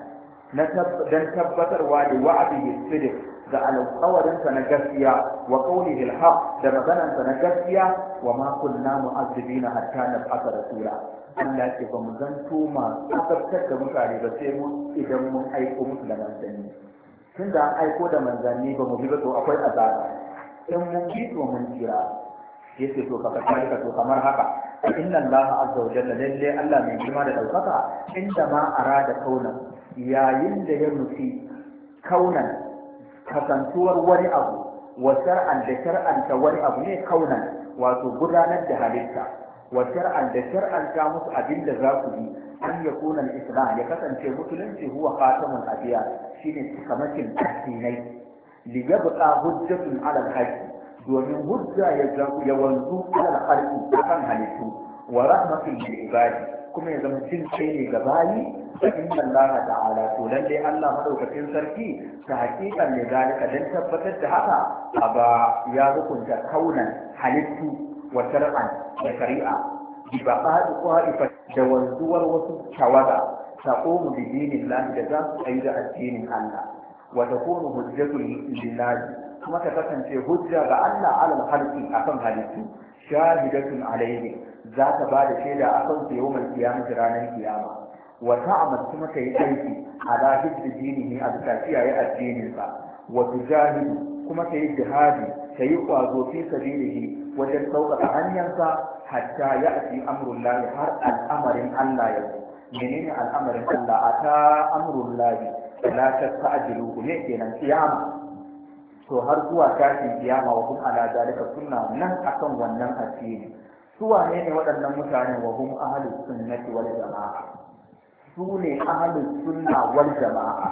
[SPEAKER 1] na dan tabbatarwa da wa'adihi sidiq ga alƙawarinsa na gaskiya wa qawlihi alhaq da maganarsa na gaskiya wa makon ma kunna na hatta nab'atha rasula Allah ya ce ba mu zanto masu azabtar da mutane ba sai mu idan mun aiko musu da manzanni tun da an aiko da manzanni ba mu bi ba to akwai azaba in mun bi to mun jira yace to ka faɗa ka to kamar haka inna Allah azza wa jalla lalle Allah mai girma da daukaka inda ma arada kaunan yayin da ya nufi kaunan kasantuwar wani abu wa shar'an da shar'anta wani abu ne kaunan wato gudanar da halitta wa shar'an da shar'anta musu abin da za ku yi an ya kunan islam ya kasance musulunci huwa khatamun abiya shine cikamakin addinai li yabqa hujjatun ala al domin hujja ya wanzu ala al kan halittu wa rahmatun lil ibadi kuma ya zama cin kai ne ga bayi da inna Allah ta'ala to lalle Allah madaukakin sarki ta hakika ne ka dan tabbatar da haka aba ya hukunta kaunan halittu wa shar'an da shari'a bi ba'ad qa'ifa da wanzuwar wasu Ta taqumu bi dinillahi da za su yi da addinin Allah wa takunu hujjatul lillahi kuma ta kasance hujja ga Allah alal halki akan halittu shahidatun alaihi za ta ba da shaida a kan su yawon kiyamata ranar kiyama wata a mace kuma yi aiki a lahid da dinihi a bisa kiyaye addininsa wa tujahidu kuma tayi yi jihadi ta yi ƙwazo fi wajen sauƙaƙa hanyarsa hatta ya ci amurin lahi har al'amarin Allah ya ne al'amarin Allah a ta amrun lahi la tasta'jilu ku ne kenan kiyama to har zuwa tashin kiyama wa kuma ala zalika suna nan akan wannan addini Su ne waɗannan mutane wa hum ahlus sunnati wal jama'a su ne ahlus sunna wal jama'a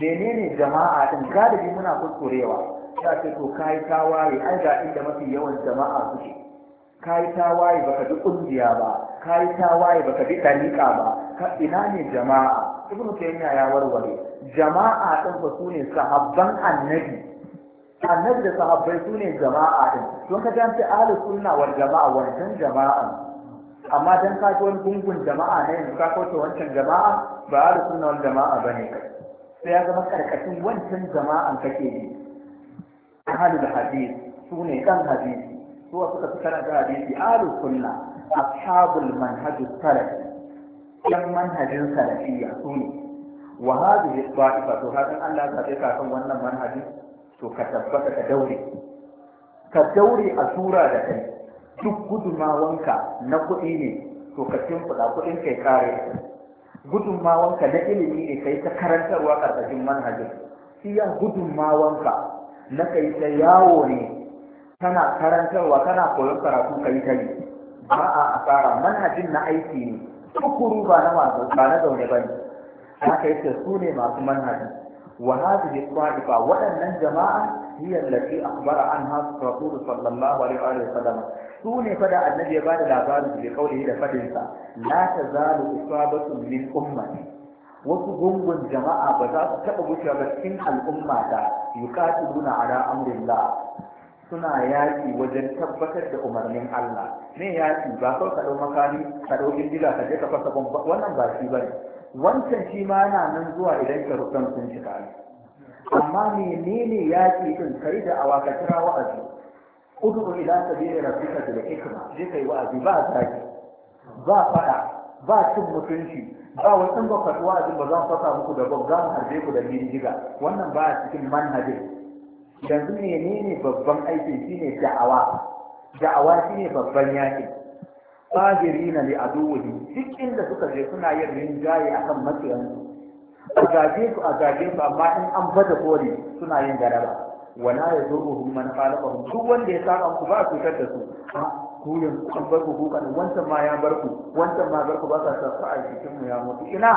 [SPEAKER 1] menene jama'a din galibi muna kuskurewa ya ce to kai tawaye ai ga inda mafi yawan jama'a suke kai tawaye baka bi kungiya ba kai tawaye baka bi dariƙa ba ka ina ne jama'a ibnu ya warware jama'a din fa sune sahabban annabi annabi da sahabbai su ne jama'a din don ka ji ahlus sunna wal jama'a wannan jama'a amma dan ka wani gungun jama'a ne yanzu ka kauce wancan jama'a ba ahlus sunna wal jama'a bane sai ya zama karkashin wancan jama'a kake yi ahlul hadis su ne kan hadis su ka fi karanta hadisi ahlus sunna ashabul manhajus salafi yan manhajin salafiyya su ne wa hadhihi ta'ifa to hadan Allah ka kan wannan manhajin to ka tabbata ka daure ka daure a tura da kai duk gudumawanka na kuɗi ne to ka cimfuda kuɗin kai kare gudunmawanka na ilimi ne kai ta karantarwa ƙarƙashin manhajin iya gudunmawanka na kai ta yawo ne kana karantarwa kana koyon karatu kai ta yi ba a asara manhajin na aiki ne tukuru ba na ba na zaune ba ne haka yake su ne masu manhajin وهذه الطائفة ولن جماعة هي التي أخبر عنها الرسول صلى الله عليه وآله وسلم سوني فدا النبي بعد العباد بقوله لفدنسا لا تزال إصابة من أمتي wasu gungun jama'a ba za su taɓa wuce ba cikin al'umma a yuqatiluna suna yaƙi wajen tabbatar da umarnin Allah ne yaƙi ba kawai ka ɗau makami ka ɗau bindiga ka je ka fasa wannan ba shi bane wancan shi ma yana nan zuwa idan sharuɗan sun kare amma menene yaƙi din kai da awa ka kira wa'azi udu ila da rabbika da hikma je kai wa'azi ba zaki ba fada ba cin mutunci ba wannan ba faɗi wa'azin ba za mu fasa muku da babban mu harbe ku da bindiga wannan ba cikin manhajin yanzu menene babban aikin shine da'awa da'awa shine babban yaƙi qahirina li aduwwihi duk inda suka je suna yin rinjaye akan matsiyansu a gaje su a gaje su amma in an bada koli suna yin garaba wala yadurruhum man khalaqahum duk wanda ya saba ku ba su cutar su ku yanzu an bar ku kukan wancan ma ya bar ku wancan ma bar ku ba sa sa a cikin mu ya mutu ina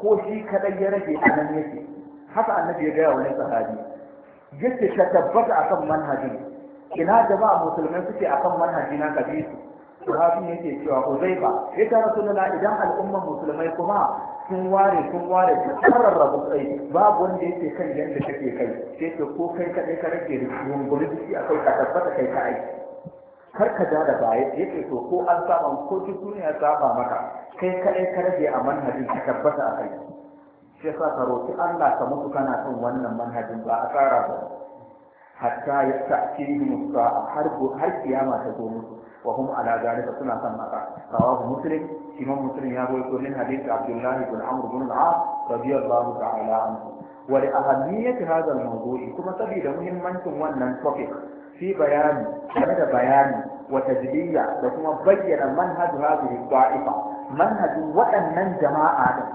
[SPEAKER 1] ko shi kadai ya rage a nan yake haka annabi ya gaya wani sahabi yadda ta tabbata akan manhajin ina jama'a musulmai suke akan manhaji na kabisu ne yake cewa uzaifa ya ta rasulullah idan al'ummar musulmai kuma sun ware sun ware duk karar rabu kai babu wanda yake kan yadda take kai sai ta ko kai kaɗai ka rage rungumi jiki akwai ka tabbata kai ka aiki kar ka ja da baya yake to ko an saba ko tutu ya saba maka kai kaɗai ka rage a manhajin ka tabbata a kai shi yasa ka roki Allah ka mutu kana son wannan manhajin ba a tsara ba hatta ya ta'tihi musa har har kiyama ta zo musu وهم على ذلك سنة مكة رواه مسلم إمام مسلم يقول كل حديث عبد الله بن عمرو بن العاص رضي الله تعالى عنه ولأهمية هذا الموضوع كما سبيل مهم من ثم ننطفق في بيان كمدة بيان وتجلية ثم بيّن منهج هذه الطائفة منهج وأن من جماعة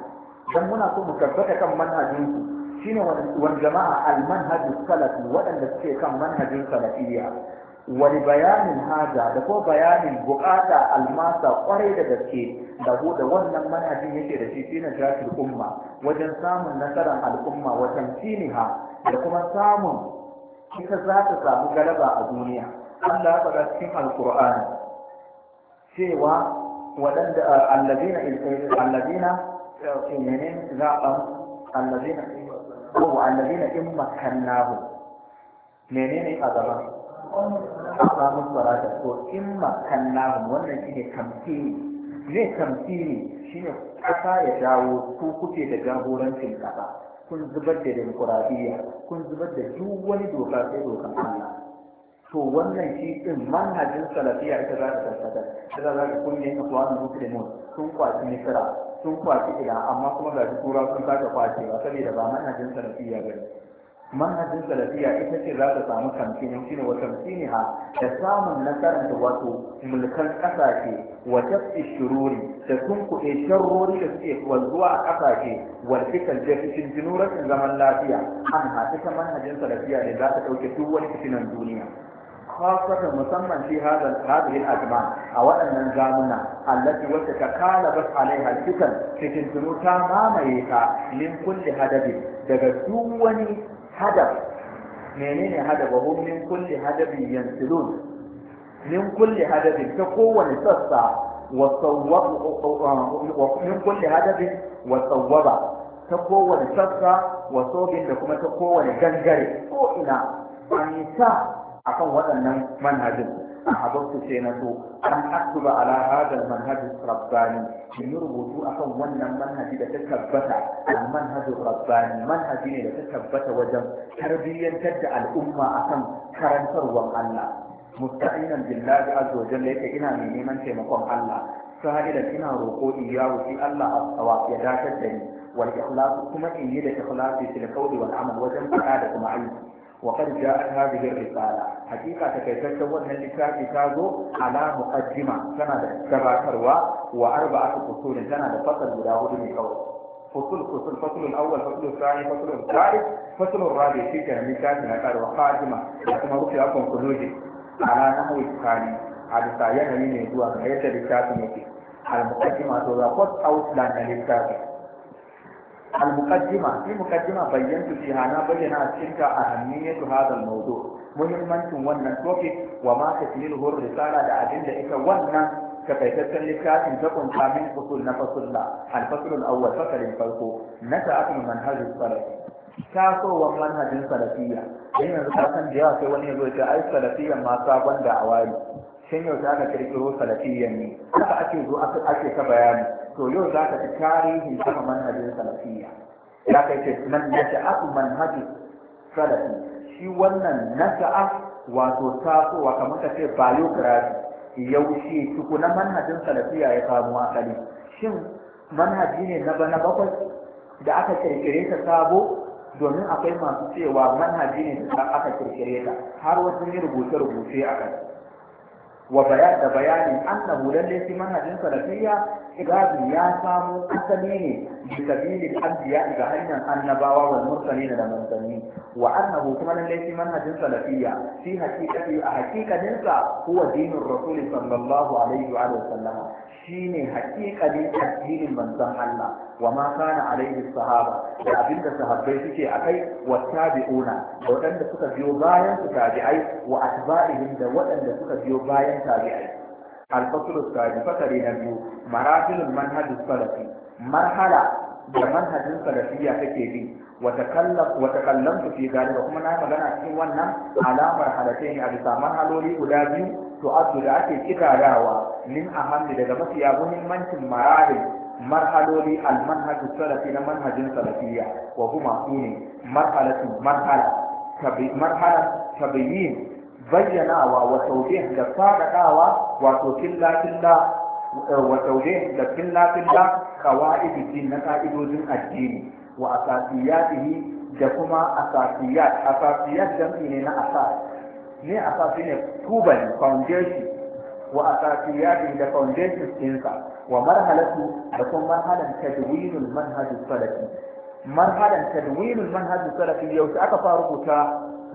[SPEAKER 1] دمنا ثم كبتة كم منهج شين والجماعة المنهج السلفي وأن كم منهج السلفية wani bayanin haja da ko bayanin bukata almasa kwarai da gaske da da wannan manhajin yake da shi fi na shafin umma wajen samun nasarar al'umma wajen ciniha da kuma samun ita za ta samu galaba a duniya Allah faɗa cikin alkur'ani cewa waɗanda allazina allazina menene zaɓan allazina ko allazina in eh, eh, oh, makannahu menene a gaban mun musu da ko in makanna wannan shine kamfini ne kamfini shine kasa ya dawo ko kuke da jagorancin kasa kun zubar da demokuraɗiyya kun zubar da duk wani doka sai dokan Allah to wannan shi din manhajin salafiya ita za ta tabbata ita za ta kunne ka kuwa da mu sun kwaci misra sun kwaci ila amma kuma ga tura sun kaka kwacewa saboda ba manhajin salafiya bane manhajin salafiya ita ce zata samu kamfini shine wa kamfini da samun nasarar da wato mulkan kasashe wa tafi da sun kuɗe sharrori da suke zuwa a kasashe wa fitar da cikin rashin zaman lafiya an ha ta manhajin salafiya ne zata ta ɗauke duk wani fitinan duniya kwakwata musamman shi hadirin ajma a waɗannan zamuna allafi wacce ta kala bas alai halittar cikin ta mamaye ka min kulli hadabi daga duk wani hadab menene hadab wa hum min kulli hadabin yansilun min kulli hadabin ta kowane sassa wa sawwab min kulli hadabin wa sawwaba ta kowane sassa wa sobin da kuma ta kowane gangare ko ina an yi sa akan waɗannan manhajin أحببت سينته أن أكتب على هذا المنهج الرباني من ربوتو أكون ونا منهج إذا تثبت المنهج الرباني منهج إذا تثبت وجم تربيا تدع الأمة أكون كرنتر الله مستعينا بالله عز وجل يك إنا من يمن تيمقون الله سائلا إنا روقو إياه في الله الصواب يداك الدني والإخلاص كما إيه لإخلاصي في القول والعمل وجم فعادة معين وقد جاءت هذه الرسالة حقيقة تكتشف أن الكتاب تازو على مقدمة سنة تباكر وأربعة فصول سنة فصل بداود من قول فصل فصل فصل الأول فصل الثاني فصل الثالث فصل الرابع في كلام الكتاب من أكاد وقادمة لكما أقول لكم كنوجي على نحو الثاني على سايا نمين يدوى من هيئة الكتاب المقدمة to the first outline al-muqaddima ni bayyana bayyantu fi hana bayyana cikka ahammiyat hadha al-mawdu' muhimmancin wannan topic wa ma tatlilu risala da abin da ita wannan takaitaccen littafin ta kunta min fusul na fasulla al-fasl al-awwal fasl al-farqu nata akun manhaj al-salaf tasowar manhajin salafiyya yanzu ta san da yawa sai wani ya zo ta ai salafiyyan ma sabon da a wari tun yau za ka kirkiro salafiyyan ne haka ake zo ake ta bayani to yau za ka ci tarihin sama manhajin salafiyya ya kai ce man nasha'atu manhajin salafi shi wannan nasa'a wato tasowa kamar ka ce biography yaushe tukunan manhajin salafiya ya samu asali shin manhaji ne na bana bakwai da aka kirkire ta sabo domin akwai masu cewa manhaji ne da aka kirkire ta har wasu ne rubuce-rubuce a kai wa da bayanin annahu lalle shi manhajin salafiyya ibadu ya samu asali ne bi sabilil anbiya ga hanyar annabawa wal mursalin da manzanni wa annahu kuma lalle shi manhajin salafiyya fi haqiqati a haqiqatin sa huwa dinur rasul sallallahu alaihi wa sallam shine haƙiƙanin addinin manzon Allah wa ma kana alaihi sahaba da abinda sahabbai suke akai wa tabi'una da waɗanda suka biyo bayan su tabi'ai wa atba'ihim da waɗanda suka biyo bayan tabi'ai al-fasl as-sadi fakari na biyu maratilul manhaj as-salafi marhala da manhajin salafiyya take bi وتكلمت في ذلك وكما نعم مغانا في وانا على مرحلتين أبسا مرحلولي قدابي تؤدد أكي كتاراوا من أهم لدغمة يابون من تمراري marhaloli almanhaju salafi na manhajin salafiyya wa huma sune marhalatu marhala bayyanawa wa tawdih da fadadawa wato killa killa wa tawdih da na ka'idojin addini wa asasiyatihi da kuma asasiyat asasiyat jam'i ne na asas ne asasi ne tubali foundation wa asasiyatihi da foundation ɗinsa wa marhalatu da kuma marhalan tadwinul manhajus salafi marhalan tadwinul manhajus salafi yaushe aka fara rubuta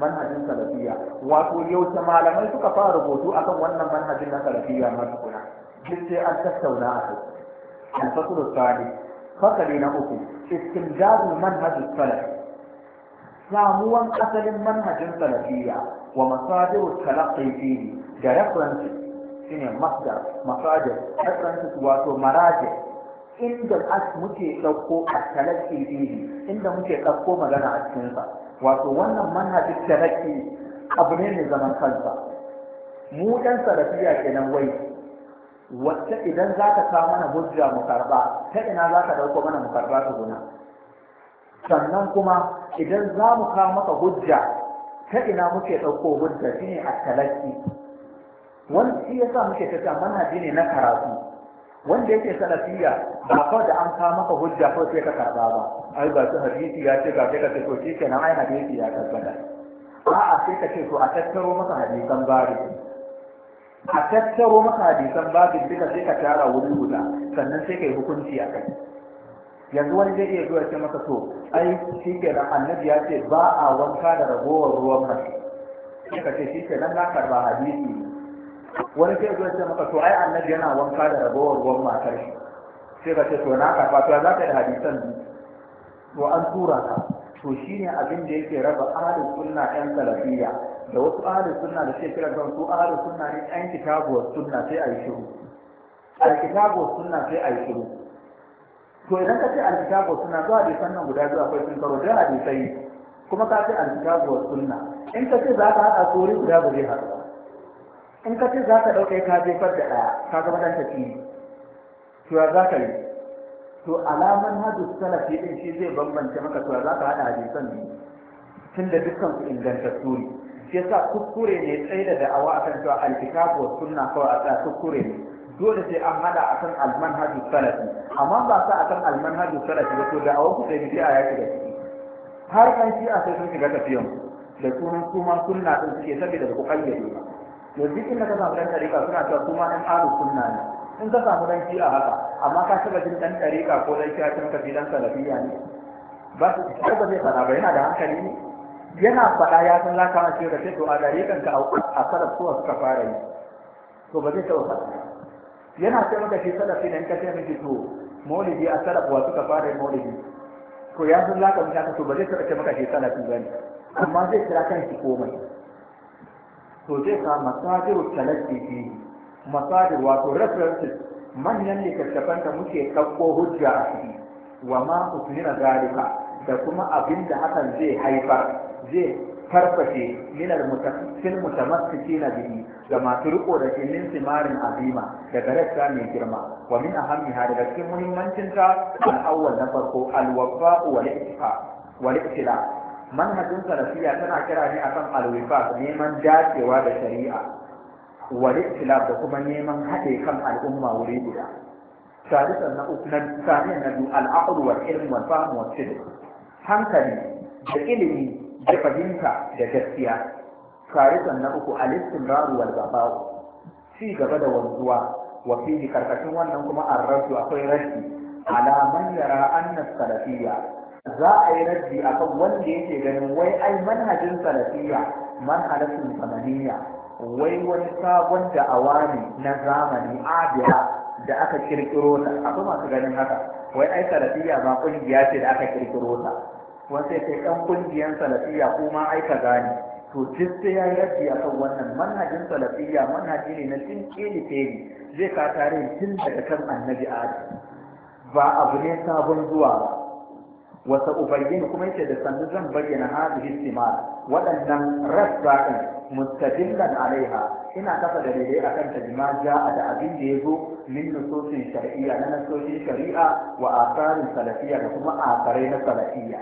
[SPEAKER 1] manhajin salafiya wato yaushe malamai suka fara rubutu akan wannan manhajin na salafiya masu kuna duk sai an tattauna a kai الفصل الثاني fasali na uku istimdadu manhajus salafi samuwan asalin manhajin salafiya wa masajiru talaqqi fihi da reference shine masdar masajir reference wato marajir inda muke dauko a talaqqi fihi inda muke dauko magana a cikin sa wato wannan manhajin talaqqi abu ne mai zaman kansa mu dan salafiya kenan wai wacce idan za ka samu mana hujja mu karba ta ina za ka ɗauko mana mu karba su guna sannan kuma idan za mu kawo maka hujja ta ina muke dauko hujja shi ne a talaki wani shi ya sa muke tafiya manhaji ne na karatu wanda yake salafiya ba kawai da an kawo maka hujja ko sai ka karba ba ai ba su hadisi ya ce ga ka ce ko shi kenan ai hadisi ya tabbata a'a sai ka ce to a tattaro maka hadisan bari a tattaro maka hadisan babin duka sai ka tara wurin guda sannan sai ka yi hukunci a kai yanzu wani zai iya zuwa ce maka so ai shi kenan annabi ya ce ba a wanka da ragowar ruwan mace sai ka ce shi kenan na karba hadisi wani zai zuwa ce maka so ai annabi yana wanka da ragowar ruwan matar shi sai ka ce to na karba to za ka yi hadisan to an tura ka to shine abin da yake raba ahlus sunna ɗan salafiyya da wasu ahalin suna da shekara kira kan su ahalin suna ne an kitabuwar suna sai a yi shiru alkitabuwar suna sai a yi shiru to idan ka ce alkitabuwar suna zuwa hadisan nan guda biyu akwai sun karo da hadisai kuma ka ce alkitabuwar suna. in ka ce za ka haɗa tsori guda ba zai haɗu in ka ce za ka ɗauke ka jefar da ɗaya ka zama ɗan tafi to ya za ka yi to alaman hadu salafi ɗin shi zai bambance maka to ya za ka haɗa hadisan ne tun da dukkan su ingantattu ne shi yasa kuskure ne tsaye da da'awa akan cewa alkitabu wa sunna kawai a tsaya kuskure ne dole sai an hada akan almanhaju salafi amma ba sa akan almanhaju salafi ba to da'awa ku sai bid'a ya shiga ciki har kan shi a sai sun shiga tafiyan da sunan kuma sunna din suke saboda da ku kayyade ba yanzu inda ka samu dan tarika suna cewa kuma ɗan aro sunna ne in ka samu dan shi a haka amma ka shiga jin dan tarika ko dan shi a cikin kabilan salafiya ne ba su ba zai fara ba yana da hankali ne yana faɗa ya san za ka mace da sai to a gare kanka a salaf suwa suka fara yi to ba zai taɓa faɗa yana sai maka shi salafi ne in ka sai miki to maulidi a salaf wa suka fara yi maulidi to ya san za ka mace to ba zai taɓa ce maka shi salafi ba ne amma zai kira kan shi komai to zai sa masajiru talatti fi masajiru wato references manyan littattafan da muke ɗauko hujja a ciki wa ma usmina zalika da kuma abin da hakan zai haifar zai farfashe minal mutakin mutamassiki na bihi ga masu riko da ke simarin azima daga rassa mai girma wa min ahammiha da cikin muhimmancinta al'awwal na farko alwafa'u wal wal manhajin salafiya tana kira ne akan alwafa neman dacewa da shari'a wa da kuma neman haɗe kan al'umma wuri guda sadisan na uku na sadiyan na biyu al'aqlu hankali da ilimi da fahimta da gaskiya karisan na uku alistin istimraru wal baqa'u ci gaba da wanzuwa wa karkashin wannan kuma ar akwai rashi. ala man yara anna salafiyya za a yi a akan wanda yake ganin wai ai manhajin salafiyya manhajin samaniya wai wani sabon da ne na zamani adira da aka kirkiro ta akwai masu ganin haka wai ai salafiyya ma kungiya ce da aka kirkiro ta wasu ya kai ɗan ƙungiyar salafiya ko ma aika gane to duk ya yi a kan wannan manhajin salafiya manhaji ne na cin ƙili feri zai ka tare tun daga kan annabi adi ba abu ne sabon zuwa ba wasa ubayyin kuma yake da sannu zan bayyana hadhihi istimar waɗannan rassa din mustadillan alaiha ina kafa dalilai akan ta ja a da abin da ya zo min nasosin shar'iyya na nasosin shari'a wa asarin salafiya da kuma asarai na salafiya.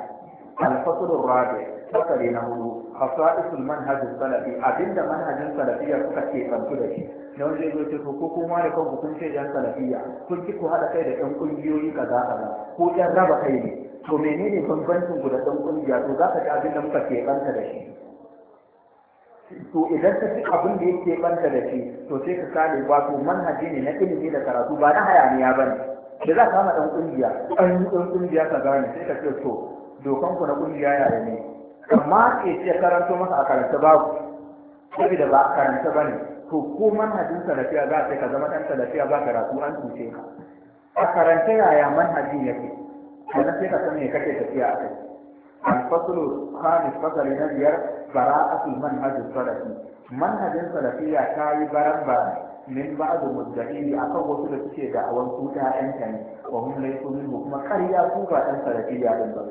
[SPEAKER 1] الفصل الرابع فصل نهو خصائص المنهج السلفي أبدا منهج سلفية كتير فانتلك don zai zo cikin ko kuma da kanku kun ce yan salafiya kun ci kai da ɗan ƙungiyoyi kaza kaza ko ɗan raba kai ne to menene bambancin ku da ɗan ƙungiya to za ka ji abin muka keɓanta da shi to idan ka ci abin da ya keɓanta da shi to sai ka kare wato manhaji ne na ilimi da karatu ba na hayaniya ba ne da za kama ɗan ƙungiya ɗan ƙungiya ka gane sai ka ce to dokan ku na kungiya yi ne amma ke ce karanto masa a karanta babu da ba a karanta ne to ko manhajin salafiya za a sai ka zama ɗan salafiya ba karatu an tuce ka a karanta yaya manhajin yake sannan sai ka san me kake tafiya a kai na الفصل الخامس فصل manhajin salafi. Manhajin salafiya ta yi baran ba min ba ba'd a kan wasu da suke da awon tuta ta ne wa mun laysu kuma kariya su ba dan ya din ba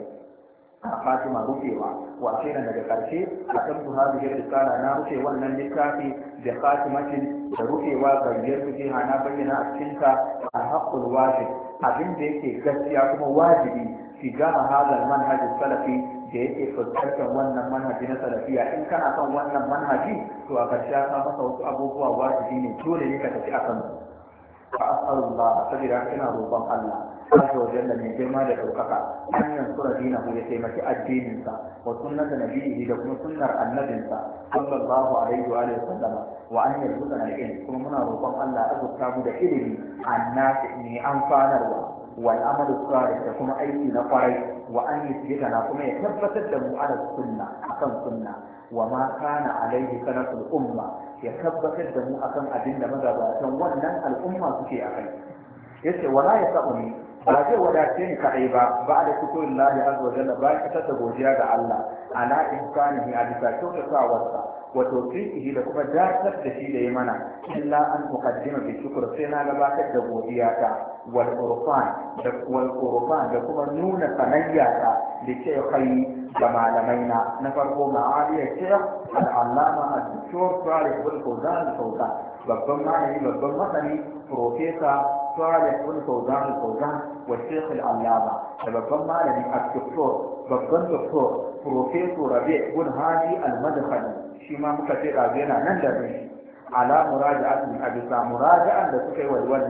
[SPEAKER 1] fatima rufewa wa akhiran daga karshe a kan su hadu ya tsara na rufe wannan littafi da fatimatin da rufewa bayyar su jiha na bayyana a cikin ka alhaqqul wajib abin da yake gaskiya kuma wajibi fi gama hadal manhajin salafi da yake fuskantar wannan manhaji na salafiya in kana kan wannan manhaji to a karshe ka masa wasu abubuwa wajibi ne dole ne ka tafi akan su fa as'alullah sabira ina roƙon Allah azza wa jalla mai girma da ɗaukaka an yansura dinahu ya taimaki addininsa wa sunnata nabiyyi da kuma sunnar annabinsa sallallahu alaihi wa alihi wasallam wa an yarzuqana al-ilm kuma muna roƙon Allah ya azurta mu da ilimi annasi ne amfanarwa wal amalu salih da kuma aiki na kwarai wa an yusbitana kuma ya tabbatar da mu ala sunna akan sunna wa ma kana alaihi salaful umma ya tabbatar da mu akan abin da magabatan wannan al'umma suke akai yace wala ya sa'uni ba zai wadace ni kaɗai ba ba da fito lahi azza wa jalla ba ka tata godiya ga Allah ala insanihi a bisa kyautatawarsa Wato tawfiqihi da kuma dakatar da shi da ya mana illa an muqaddima bi shukr sai na gabatar da godiya ta wal qur'an da wal qur'an da kuma nuna sanayya ta da ke kai ga malamai na na farko ma'aliya ce al-allama al-doktor Salih bin Fawzan babban malami babban masani profesa Salih ibn Fawzan Fawzan wa Sheikh Al-Allama da babban malami a doktor babban doktor professor Rabi ibn Haji Al-Madkhali shi ma muka ce ɗazu yana nan da rashi ala muraja'at min abisa muraja'an da suka yi walwal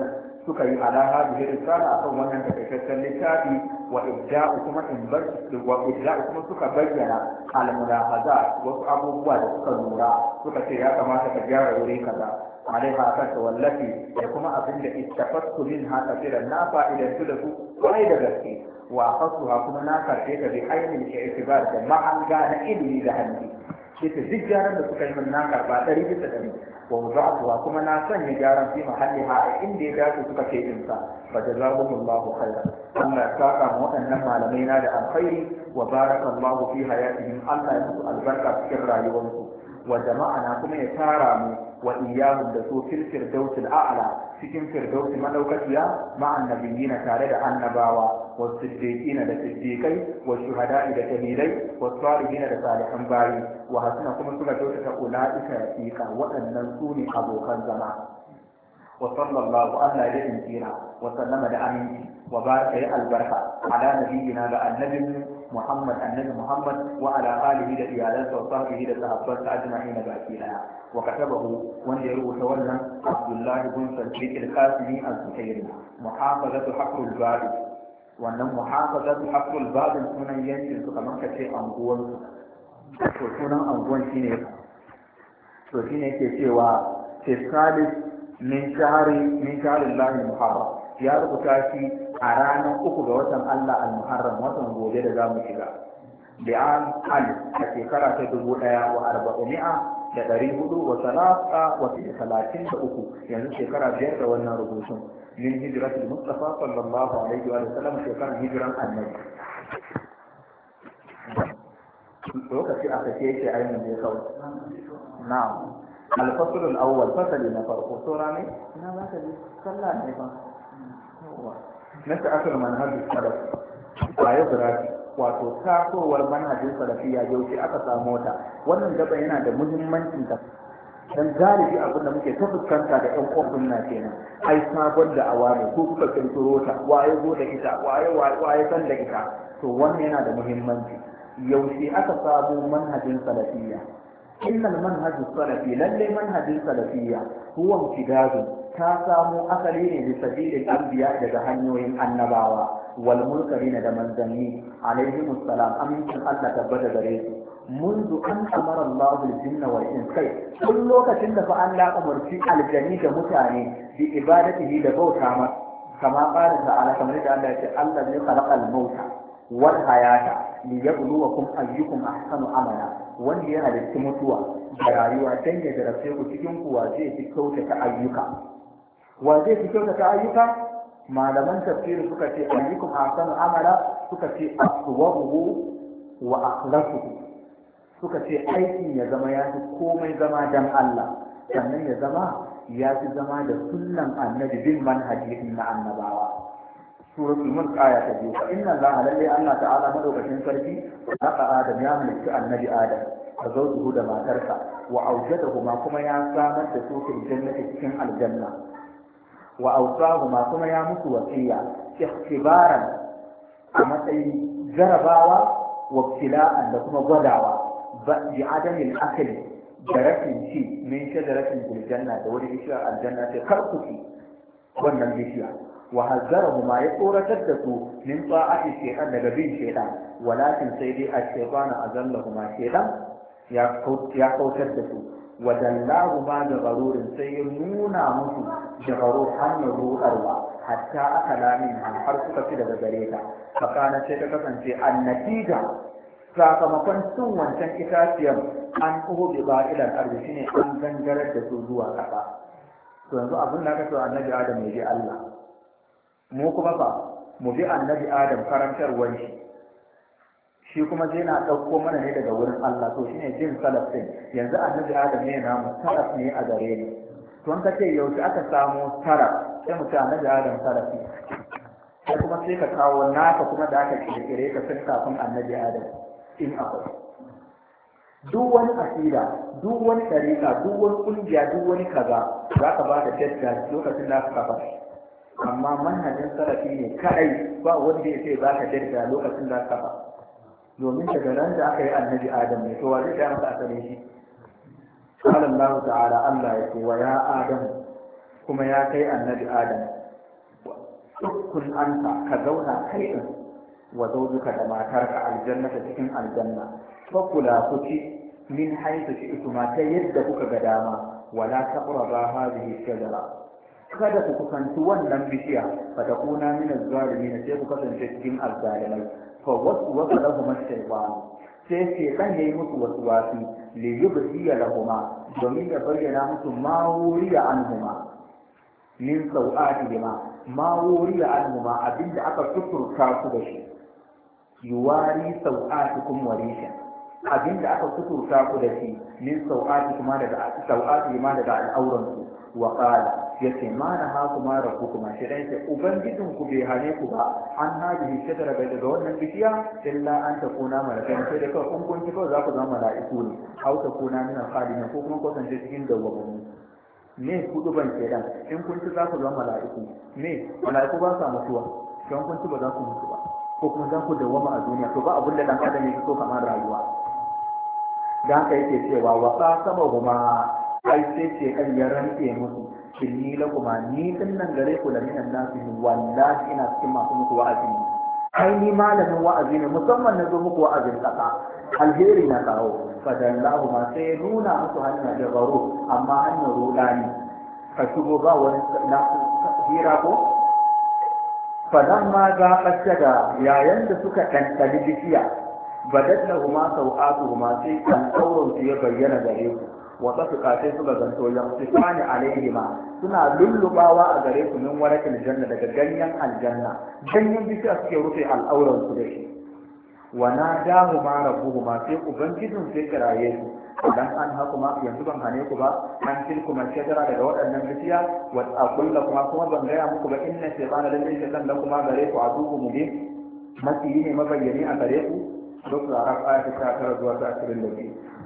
[SPEAKER 1] suka yi ala hadhihi risala akan wannan takaitaccen littafi wa ibda'u kuma in bar wa ibda'u kuma suka bayyana al mulahaza wasu abubuwa da suka lura suka ce ya kamata ka gyara wuri kaza alaiha kan wallafi da kuma abin da ittafattu minha kafiran na fa'idantu da su kwai da gaske wa fasuha kuma na karfe ka bi ainihin ke itibar da ma'anga na ilimi da hannu sai ta duk gyaran da suka yi min na karba ɗari bisa ɗari wa wuza'atuwa kuma na sanya gyaran fi mahalliha a inda ya dace suka kai din sa fa jazakumullahu khairan Allah ya saka mu waɗannan malamai na da alkhairi wa barakallahu fi hayatihim Allah ya musu albarka cikin rayuwarsu wa jama'ana kuma ya tara mu wa iyyahum da su fil firdausil a'la cikin firdausi madaukakiya ma'an nabiyina tare da annabawa wa siddiqina da siddiqai wa shuhada'i da shahidai wa salihina da salihan bayi wa hasuna kuma suka kyautata ula'ika rafiqa waɗannan su ne abokan zama wa sallallahu Allah ya tsira wa sallama da aminci wa baraka ya albarka ala nabiyina ga annabinmu Muhammad annabi Muhammad wa ala alihi da iyalansa wa sahbihi da sahabbansa ajma'in baki daya wa katabahu wanda ya rubuta wannan Abdullah ibn Sadiq al-Qasimi az-Zuhairi muhafazatu haqqul bari wannan muhafazatu haqqul bari sunan yankin su kamar kace anguwar to sunan anguwan shine to shine yake cewa fi salis min ya rubuta shi a ranar uku ga watan Allah al-Muharram watan gobe da zamu shiga bi an al a shekara ta dubu ɗaya wa arba'umi'a da ɗari hudu wa salasa wa talatin da uku yanzu shekara biyar da wannan rubutun min hijiratul mustafa sallallahu alaihi wa sallam shekaran hijiran annabi lokaci a sake yake yanzu ya kawai na'am الفصل الأول فصل نفر فصورة نه؟ لا ما تدري صلى الله عليه وسلم na sha'afar manhajin salaf biography wato tasowar manhajin ya yaushe aka samu ta. wannan gaba yana da muhimmancin ta dan galibi abin da muke ta fuskanta da 'yan kofin na kenan ai sabon da awa ne ko kuka kirkiro ta waye zo da ita waye waye san da ita to wannan yana da muhimmanci yaushe aka samu manhajin salafiyya innal manhajus salafi lalle manhajin salafiyya huwa imtidadun ta samo asali ne da sabilin anbiya daga hanyoyin annabawa wal munkarina da manzanni alaihi musallam amincin Allah tabbata gare su منذ أن أمر الله الجن والإنس كل لوكة فأن لا أمر في الجني كمتاني بإبادته لبوتا كما كما قال تعالى كما قال الذي خلق الموت والحياة ليبلوكم أيكم أحسن عملا wanda ya halitta mutuwa da rayuwa don ya jarabce ku cikin kuwa zai kyautata ayyuka wa zai fi ta ayyuka malaman tafsiri suka ce ayyukum ahsanu amala suka ce aswahu wa akhlasuhu suka ce aikin ya zama ya fi komai zama dan Allah sannan ya zama ya fi zama da sunnan annabi bin manhaji na annabawa suratul mulk aya ta biyu inna allaha lalle Allah ta'ala madaukakin sarki haka adam ya halitta annabi adam ka zo da matarsa wa aujadahuma kuma kuma ya samar da su fil cikin aljanna wa ausahuma kuma ya musu wasiya ikhtibaran a matsayin jarabawa wa ibtila'an da kuma gwadawa bi adamin akali da rashin ci min shajaratin aljanna da wani bishiyar aljanna sai kar ku ci wannan bishiya wa hazzarahuma ya tsoratar da su min ta'ati shaytan daga bin shaytan walakin sai dai ash-shaytanu azallahuma shaytan ya kautar da su wadallahu ma da garurin sai ya nuna musu da hanyar rudarwa hatta aka lamin har suka fi daga gare ta fakana sai ta kasance annatija sakamakon cin wancan itaciyar an uhu bi ba'ilar arziki ne an gangarar da su zuwa kasa. to yanzu abin da aka ce annabi adam ya je Allah mu kuma fa mu bi annabi adam karantarwar wani. shi kuma zai na ɗauko mana ne daga wurin Allah to shine jin salaf din yanzu annabi Adam ne na mu salaf ne a gare ni to an kace yaushe aka samu salaf sai mu ce annabi Adam salafi Sai kuma sai ka kawo naka kuma da aka kirkire ka sun kafin annabi Adam in akwai duk wani asira duk wani tarika duk wani kungiya duk wani kaza za ka ba da testa lokacin da aka kafa amma manhajin salafi ne kai ba wanda ya ce ba ka jirga lokacin da ka fara domin daga da aka yi annabi adam ne to wa zai masa asalin shi qala Allah ta'ala Allah ya ce wa ya adam kuma ya kai annabi adam dukkan anka, ka zauna kai din wa zawjuka da matarka aljannata cikin aljanna fa kula ku ci min haitu shi'tuma ta yadda kuka ga dama wala taqraba hadhihi shajara kada ku kusanci wannan bishiya fa kuna min az sai ku kasance cikin azzalimai fa wasu wasu lahuma shaytanu sai ya yi musu wasu wasu li yubdiya lahuma domin ya bayyana musu ma wuriya anhuma min sau'ati ma ma wuriya anhuma abinda aka tuturta su da shi yuwari sau'atukum warishan abin da aka kuturta ku da shi min sau'ati kuma daga sau'ati kuma daga al'auran wa qala ya ce ma na haku ma rabu kuma shi ɗan ce ubangijin ku bai hane ku ba an hajji shi daga daga wannan bishiya illa an ta kuna malakai sai da kawai kun ci kawai za ku zama mala'iku ne hau ta kuna nuna ne, ko kuma kwatance cikin dawwamanni me kudu ban kenan in kun ci za ku zama mala'iku me mala'iku ba sa mutuwa don kun ci ba za ku mutu ba ko kuma za ku dawwama a duniya to ba abin da dan adam yake so kamar rayuwa dan haka yake cewa wa qasama huma ai sai ce kan ya rantse musu inni lakuma ni din nan gare ku da minan nasu wallahi ina cikin masu muku wa'azi Kai ni malamin wa'azi ne musamman na zo muku wa'azin kasa alheri na kawo fadallahu ma sai nuna musu hanyar da baro amma hanyar rudani ka shigo ba wani hira ko fadan ma ga da yayin da suka ɗanɗani bishiya badat ma sau'atu ma sai kan ɗaurin su ya bayyana gare ku wata suka sai suka zanto yaqtifani alaihima suna lullubawa a gare su min warakin janna daga ganyen aljanna ganyen bishiya suke rufe al'auran su da shi wa nadahu ma rabbuhuma sai ubangijin sai kiraye su idan an haku yanzu ban hane ku ba an cin kuma shajara daga waɗannan bishiya wa aqul kuma kuma ban gaya muku ba inna shaytana lalle shaytan da kuma gare ku mu mubin mafi ne mabayyani a gare ku duk da aka ta zuwa 22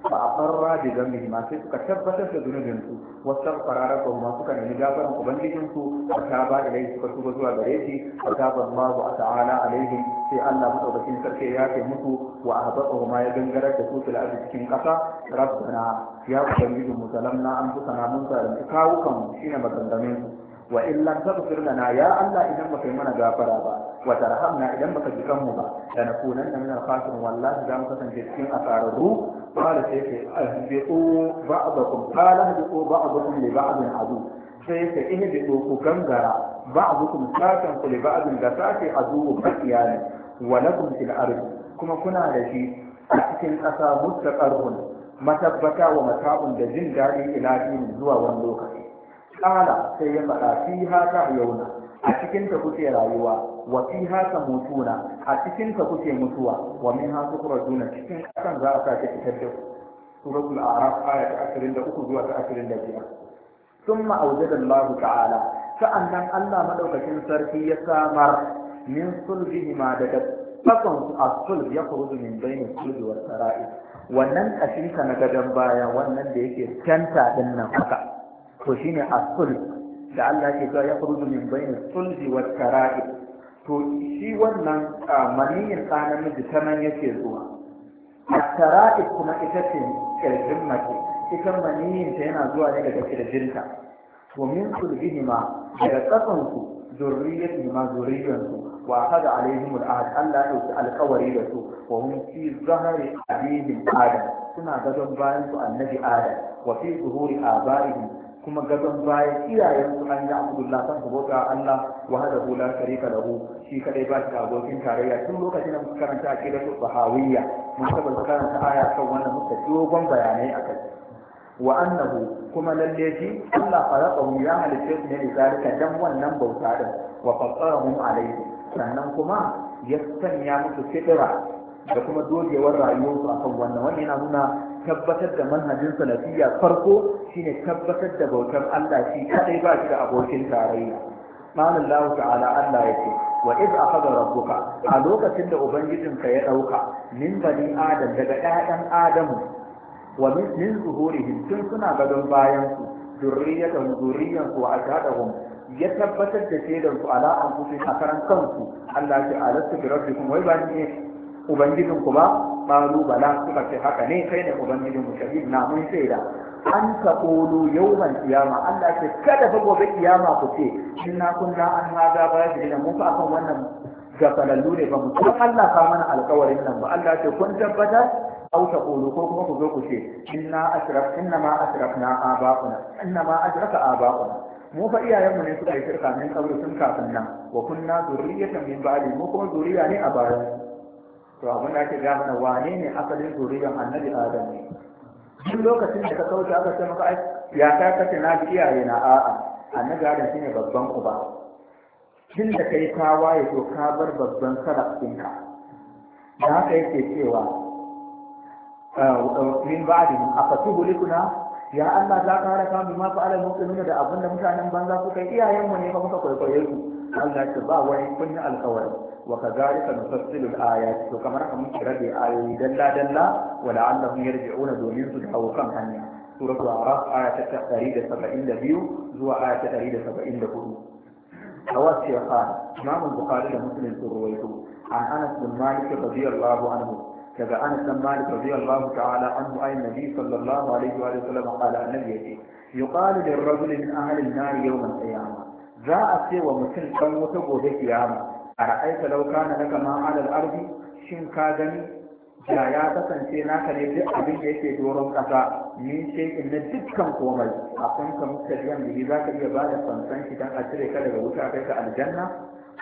[SPEAKER 1] fa afarra bi zambihi ma sai suka tabbatar da zunubin su wasan farara ko ma suka nemi gafaran ubangijin su fa taba ilai suka tuba zuwa gare shi fa taba Allah ta'ala alaihi sai Allah madaukakin sarki ya kai musu wa ahbaqahu ma ya gangarar da su fil ardi cikin kasa rabbana ya ubangijin mu zalamna an fusana mun zalunci kawukan mu shine magandamin wa illam taghfir lana ya Allah idan baka yi mana gafara ba wa tarhamna idan baka ji mu ba da nakunanna min al-khasirin wallahi za mu kasance cikin asararru qala sayfa ahbitu ba'dakum qala ahbitu ba'dakum li ba'din adu sayfa ihbitu ku gangara ba'dakum sakan ku li ba'din da sake adu fakiyani wa lakum fil ardi kuma kuna da shi a cikin kasa mustaqarrun matabbata wa mata'un da jin dadi ila din zuwa wani lokaci sai ya qala sayyiba fiha ta yawna a cikin ta kuke rayuwa wa fi haka mutuna a cikinta ta kuke mutuwa wa min ha duna cikin kasan za a sa ta fitar da suratul a'raf aya ta 23 zuwa ta 25 thumma awjada Allah ta'ala sa'annan Allah madaukakin sarki ya samar min ma daga a asul ya kuru min bayin sulbi wa sara'i wannan kashin ka na gadon baya wannan da yake canta din nan haka to shine asul da Allah ke cewa ya furu min bayin sulhi wa tara'i to shi wannan maniyin tsanan miji ta nan yake zuwa a tara'i kuma ita ce kirjin mace ita maniyin yana zuwa ne daga kirjinta to min sulhi ma daga tsakansu zurriyar ma zurriyarsu wa da Allah ya yi alkawari da su wa hun fi zahari alaihim adam suna gadon bayan su annabi adam wa a zuhuri abaihim kuma gaban bayan iyayensu an yi abdullah san ga Allah wa hada la da hu! shi kadai ba shi abokin tarayya tun lokacin da muka karanta a kida su bahawiyya mun saba karanta aya kan wannan muka dogon bayanai akai wa annahu kuma lalle shi Allah mu ya halitta su ne da zalika dan wannan bauta din wa mu alaihi sannan kuma ya sanya musu fitira da kuma dogewar rayuwarsu akan wannan wannan yana nuna tabbatar da manhajin salafiyya farko shine tabbatar da bautar Allah shi kadai ba shi da abokin tarayya malam Allah ta'ala Allah yake wa iz akhadha rabbuka a lokacin da ubangijin ka ya dauka min bani adam daga ɗayan adamu wa min zuhurihim tun suna gadon bayan su zurriyatan zurriyan wa ashadahum ya tabbatar da shaidan su ala anfusihim a karan kansu Allah ya alastu bi rabbikum wai ba ne ubangijin ku ba qalu bala suka ce haka ne kai ne ubangijin mu shahid na mun shaida an taqulu yawmal qiyama Allah ce kada fa gobe kiyama ku ce inna kunna an hada ba da mun fa akan wannan gafalallu ne ba mu kuma Allah ka mana alƙawarin nan ba Allah ce kun tabbatar aw taqulu ko kuma ku zo ku ce inna asraf inna ma asrafna aba'una inna ma asrafa aba'una mu fa iyayenmu ne suka yi shirka min kabri sun kafin nan wa kunna zurriyatan min ba'di mu kuma zuriya ne a bayan to abun da ake ga mana wane ne asalin zuriyar annabi adam ne duk lokacin da ka kauce aka ce maka ya ka kace na bi iyaye na a'a annabi adam shine babban uba tun da kai ka waye to ka bar babban sarar ɗinka da haka yake cewa min ba'di likuna ya Allah za ka haraka mu ma fa'ala mu'minuna da abinda mutanen banza kai iyayen iyayenmu ne fa muka kwaikwaye su Allah ya ba wani kunni alkawari wa kadhalika nufassilu al-ayat to kamar haka muke rabe ayoyi dalla dalla wa la'allahum yarji'una domin su dawo kan hanya suratul a'raf aya 172 zuwa aya 174 awasiya fa imamu bukhari da muslim الرويتو ruwaito an anas bin malik radiyallahu anhu daga Anas bin Malik radiyallahu ta'ala anhu ayin Nabi sallallahu alaihi wa sallam qala annabi yace yuqalu lirrajuli min ahli an-nar yawm al-qiyamah za a ce wa mutum kan wata gobe kiyama a ra'aita law na laka ma 'ala al-ardi shin ka gani da ya kasance naka ne duk abin da yake doron ƙasa ni ce in na dukkan komai a muka musaliyan da za ka iya ba da sansan shi don a cire ka daga wuta kai ka aljanna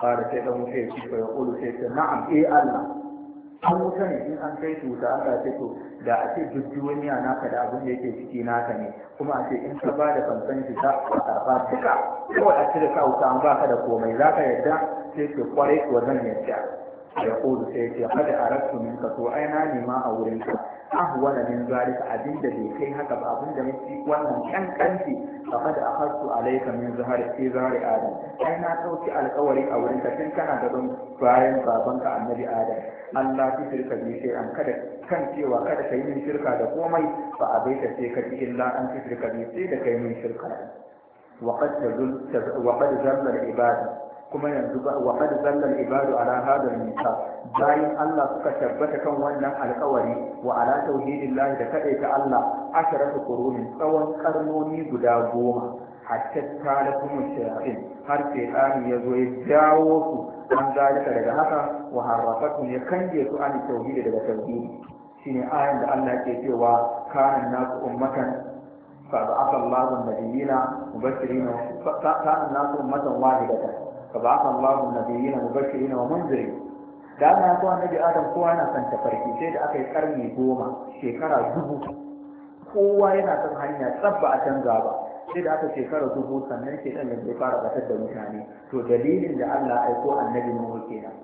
[SPEAKER 1] ba da sai ɗan wuce shi ko ya ƙulu sai ce na'am eh Allah an wuta ne in an kai tuta aka ce to da a ce duk duniya naka da abin da yake ciki naka ne kuma a ce in ka ba da fansan shi za a karba duka ko a cire ka wuta an ba ka da komai za ka yarda sai ce kwarai kuwa zan yarda ya kodu sai ce kada a rasu min ka to ai na nema a wurin ka ahwala min zalika abin da bai kai haka ba abin da mafi wannan kankanci faqad akhadtu alayka min zahari fi zahari adam ai na dauki alƙawari a wurin ka tun kana gaban bayan babanka annabi adam Allah fi shirka bi sai an kada kan cewa kada kai min shirka da komai fa abaita sai ka illa an fi shirka bi sai da kai min shirka وقد تزل وقد ذم العباد kuma yanzu ba wa qad zalla ibadu ala hadha bayan Allah suka tabbata kan wannan alƙawari wa ala tauhidillahi da kadai ta Allah asharatu qurunin tsawon karnoni guda goma hatta kuma shayatin har sai ya zo ya dawo su an zalika daga haka wa harrafakum ya kange su an tauhidi daga tauhidi shine ayan da Allah ke cewa kana nasu ummatan fa ba'atha an-nabiyina mubashirin fa kana nasu ummatan wahidatan فبعث الله النبيين مبشرين ومنذرين da ana zuwa nabi adam kowa yana son tafarki sai da aka yi karni goma shekara dubu kowa yana son hanya tsabba a canza ba sai da aka shekara dubu sannan ke ɗan yanzu fara batar da mutane to dalilin da Allah aiko annabi Nuhu kenan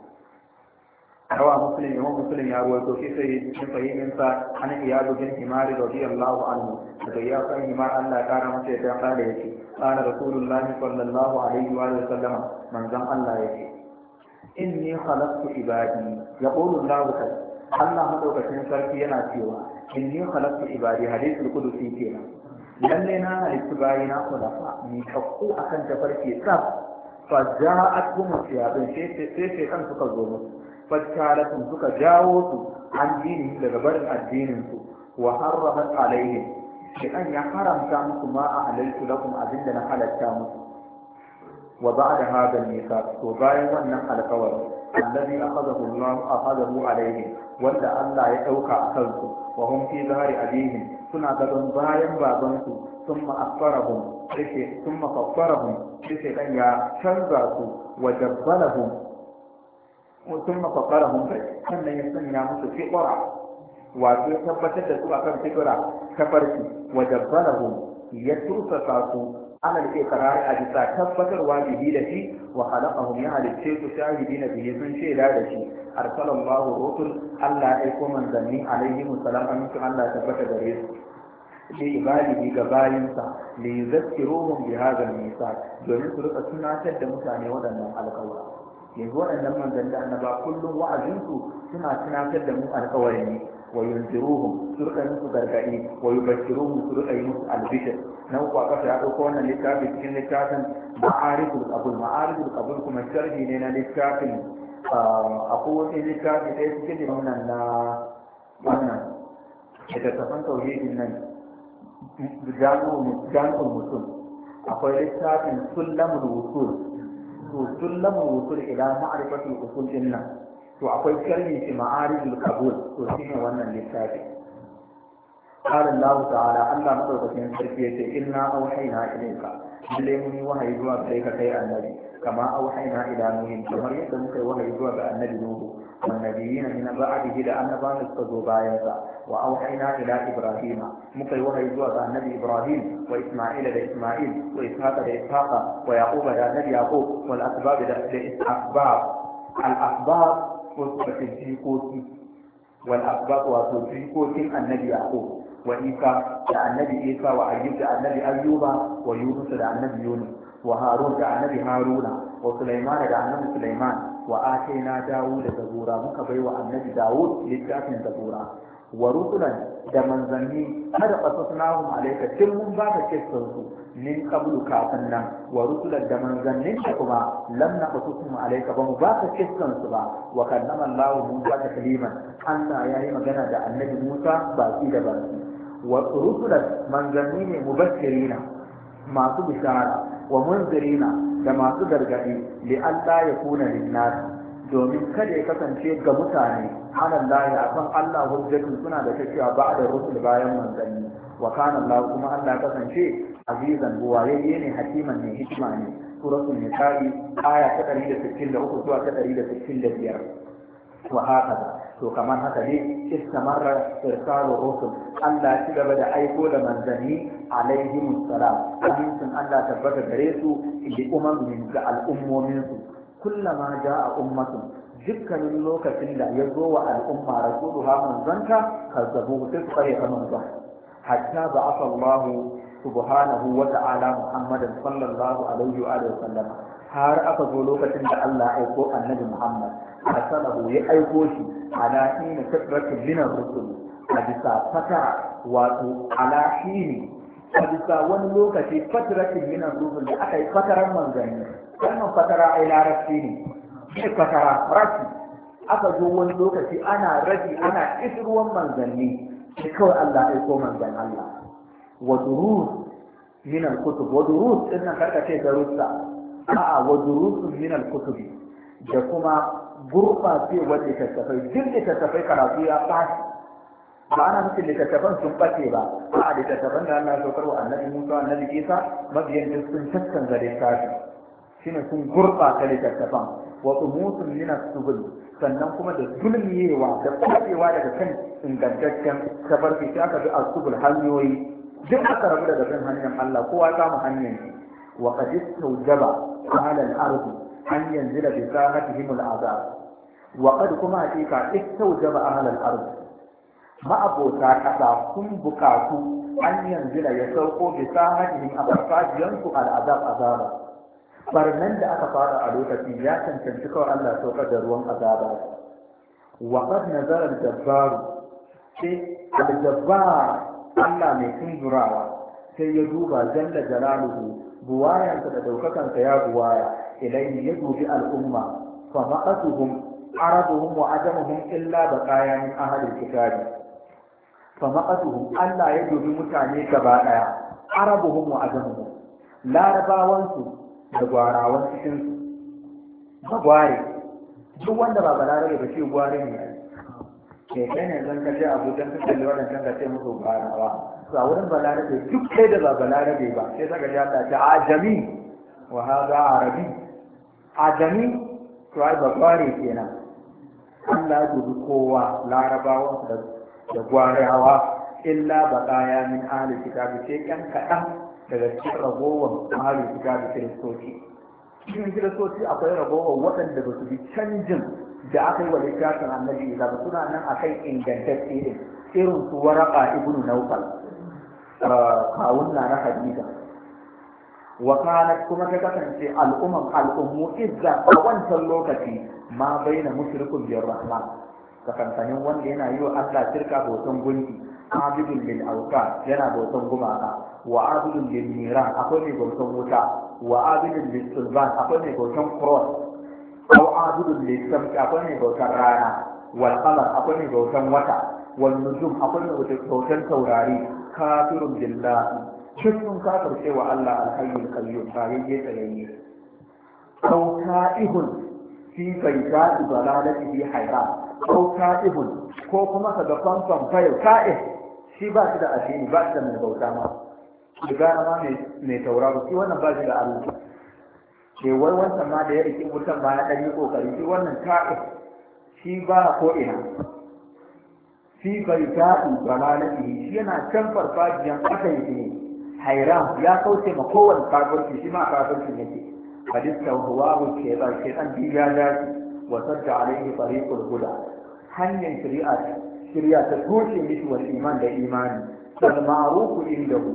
[SPEAKER 1] rawa muslim imam muslim ya ruwaito shi sai cikin fahimin sa an iyalu bin himari radiyallahu anhu daga ya san himar Allah ya kara masa ya ta ya yake قال رسول الله صلى الله عليه وآله وسلم من زم الله يجي إني خلقت عبادي يقول الله تعالى Allah madaukakin sarki yana cewa inni khalaqtu ibadi hadithul qudusi kenan lalle na halittu bayi na khulafa ni kakku akan tafarki tsaf fa ja'at hum siyabun sai sai kan suka zo musu fattalatun suka jawo su an dinin daga barin addinin su wa harramat shaitan ya haramta musu ma a halaltu abin da na halarta musu wa da hadha al-mithaq to bayan wannan alƙawari alladhi a Allah akhadahu alayhi wanda Allah ya ɗauka a kansu wa hum fi zahri suna gaban bayan babansu thumma akfarahum sai thumma kaffarahum sai dan ya sannan ya sanya musu fiqra wato ya tabbatar da su akan fitra kafarki wa dabbarahum ya tursasa su ana da iqrar a bisa tabbatarwa bihi da shi wa khalaqahum ya halicce su na biyu sun shaida da shi bahu rotun Allah ya aiko manzanni alaihi musallam a mutum Allah tabbata gare su li ibadi ga bayinsa li yuzakkiruhum bi hadha nisa domin su rika tunatar da mutane waɗannan alƙawura yanzu waɗannan manzanni da annaba kullum wa'azinsu suna tunatar da mu alkawari wa yunziruhum su gargadi wa yubashiruhum su musu albishir na uku a ƙasa ya ɗauko wannan littafi cikin littafin ma'arifin qabul ma'arifin qabul kuma sharhi ne na littafin um, akwai wani littafi ɗaya cikin wannan na wannan littattafan tauhidin nan jami'ul mutum akwai littafin nan to akwai sharhin shi ma'arijul qabul to shine wannan littafi قال الله تعالى الله مدوكتين سرفية إنا أوحينا إليك لليمني وحي جوا بليك كي النبي كما أوحينا إلى نوح كما يدمك وحي جوا النبي نوح والنبيين من بعده لأن بعض القذوبائك وأوحينا إلى إبراهيم مكي وحي جوا النبي إبراهيم وإسماعيل لإسماعيل وإسحاق لإسحاق ويعقوب لنبي يعقوب والأسباب لإسحاق الأسباب ko jikoki wal wato jikokin annabi yaqub wa isa da annabi isa wa ayyub da annabi ayyuba wa yunus da annabi yunus wa harun da annabi haruna wa sulaiman da annabi sulaiman wa atayna dawud da zabura muka bai wa annabi dawud littafin zabura wa rusulan da manzanni kada qasasnahum alayka tun mun ba ka kissan su min qablu kafin nan wa rusulan da manzannin da kuma lam naqasasum alayka ba mu ba ka kissan su ba wa kallama allahu Musa takliman Allah yayi magana da Annabi Musa baki da baki wa rusulan manzanni ne mubashirina masu bishara wa munzirina da masu gargadi li Allah ya kuna lin domin kada ya kasance ga mutane hanan da a kan Allah hujjatun suna da cewa ba da rusul bayan manzanni wa kana Allah kuma Allah kasance azizan buwayayye ne hakiman ne hikima ne suratul nisa'i aya ta 163 zuwa ta 165 wa hakaza to kamar haka ne istamarra irsalu rusul Allah ya gaba da aiko da manzanni alaihi musallam sun Allah tabbata gare su ga al'ummomin su kullama ja'a ummatun dukkanin lokacin da ya zo wa al'umma rasuluha manzanka kazzabu sai su kare ka manzon hatta ba'atha Allah subhanahu wa ta'ala Muhammadan sallallahu alaihi har aka zo lokacin da Allah ya aiko annabi Muhammad arsalahu ya aiko shi ala hina fitratin min rusul a bisa fata wato ala hini a bisa wani lokaci fatratin min rusul da aka yi fataran manzanni wannan fatara ai larabci ne shi fatara rafi aka zo wani lokaci ana rafi ana isruwan manzanni shi kawai Allah aiko manzan Allah wa durus min al-kutub wa durus din nan karka ce darussa a'a wa durus min al-kutub da kuma gurbace wa littattafai duk littattafai karatu ya fashi ba ana nufin littattafan sun bace ba a littattafan da Allah ya saukar wa annabi Musa annabi Isa mabiyan duk sun tattanza littafi shine kun gurɓata littattafan wa tsumusun mina subul sannan kuma da zulmiyewa da kwaɗewa daga kan ingantaccen tafarki sai aka bi a subul hanyoyi duk aka rabu daga kan hanyar Allah kowa samu hanyar wa qad istawjaba ala al-ardi an yanzila bi sahatihim al-azab wa qad kuma hakika istawjaba ala al-ardi ma'abota kasa sun buƙatu, an yanzila ya sauko bi sahatihim a farfajiyansu al-azab azaba barnan da aka fara a lokacin ya cancanci kawai Allah saukar da ruwan azaba wa qad nazara al-jabbar sai al-jabbar Allah mai tunzurawa sai ya duba jalla jalaluhu buwayansa da daukakansa ya buwaya ilayhi ya dubi al'umma fa maqatuhum arabuhum wa ajamuhum illa baqaya min ahli kitabi fa maqatuhum Allah ya dubi mutane gaba daya arabuhum wa ajamuhum larabawansu da gwarawan cikin ba gware duk wanda ba balarabe ba shi gware ne ke kai ne zan kaje abuja ka lura waɗancan ka ce musu gwarawa to a wurin balarabe duk kai da ba balarabe ba sai saka ji Allah ta ajami wa hada arabi ajami to ai ba gware kenan Allah ya dubi kowa larabawa da gwarawa illa baqaya min ahli kitabi sai kan kaɗan daga cikin ragowar mahalin shiga da kiristoci cikin kiristoci akwai ragowar waɗanda ba su bi canjin da aka yi wa littafin annabi isa ba suna nan akai ingantacce ne irin su waraka ibnu naufal eh, kawun na na hadida wa kana kuma ta kasance al'umman al'ummu izza a wancan lokaci ma baina mushrikun biyar rahman kasantanin wanda yana yi wa Allah shirka hoton gunki abidin lil awqat yana bautan gumaka wa abidin lil miran akwai mai bautan wuta wa abidin lil sulban akwai mai bautan cross aw abidin lil samti akwai mai bautan rana wal qamar akwai mai bautan wata wal nujum akwai mai bautan taurari kafirun billahi cikin sun kafirce wa Allah alhayyul qayyum tarayye tsayayye aw ka'ihun fi baita dalalati bi hayra aw ka'ihun ko kuma ka ga fanfan fayo ka'ih shi ba shi da addini ba shi da mai bauta ma shi gara ma mai tauraro shi wannan ba shi da arziki ke wai wancan ma da ya rike wutan ba ya ɗan yi ƙoƙari shi wannan ta'i shi ba ko ina shi bai ta'i ba ma na lalati shi yana can farfajiyan aka yi ne hairan ya kauce ma kowane kafirci shi ma kafirci yake huwa huwahu ke ba ke ɗan biya daji wa sadda alaihi tariqul huda hanyar shari'a shirya ta toshe mishi wa iman da imani wal ma'rufu indahu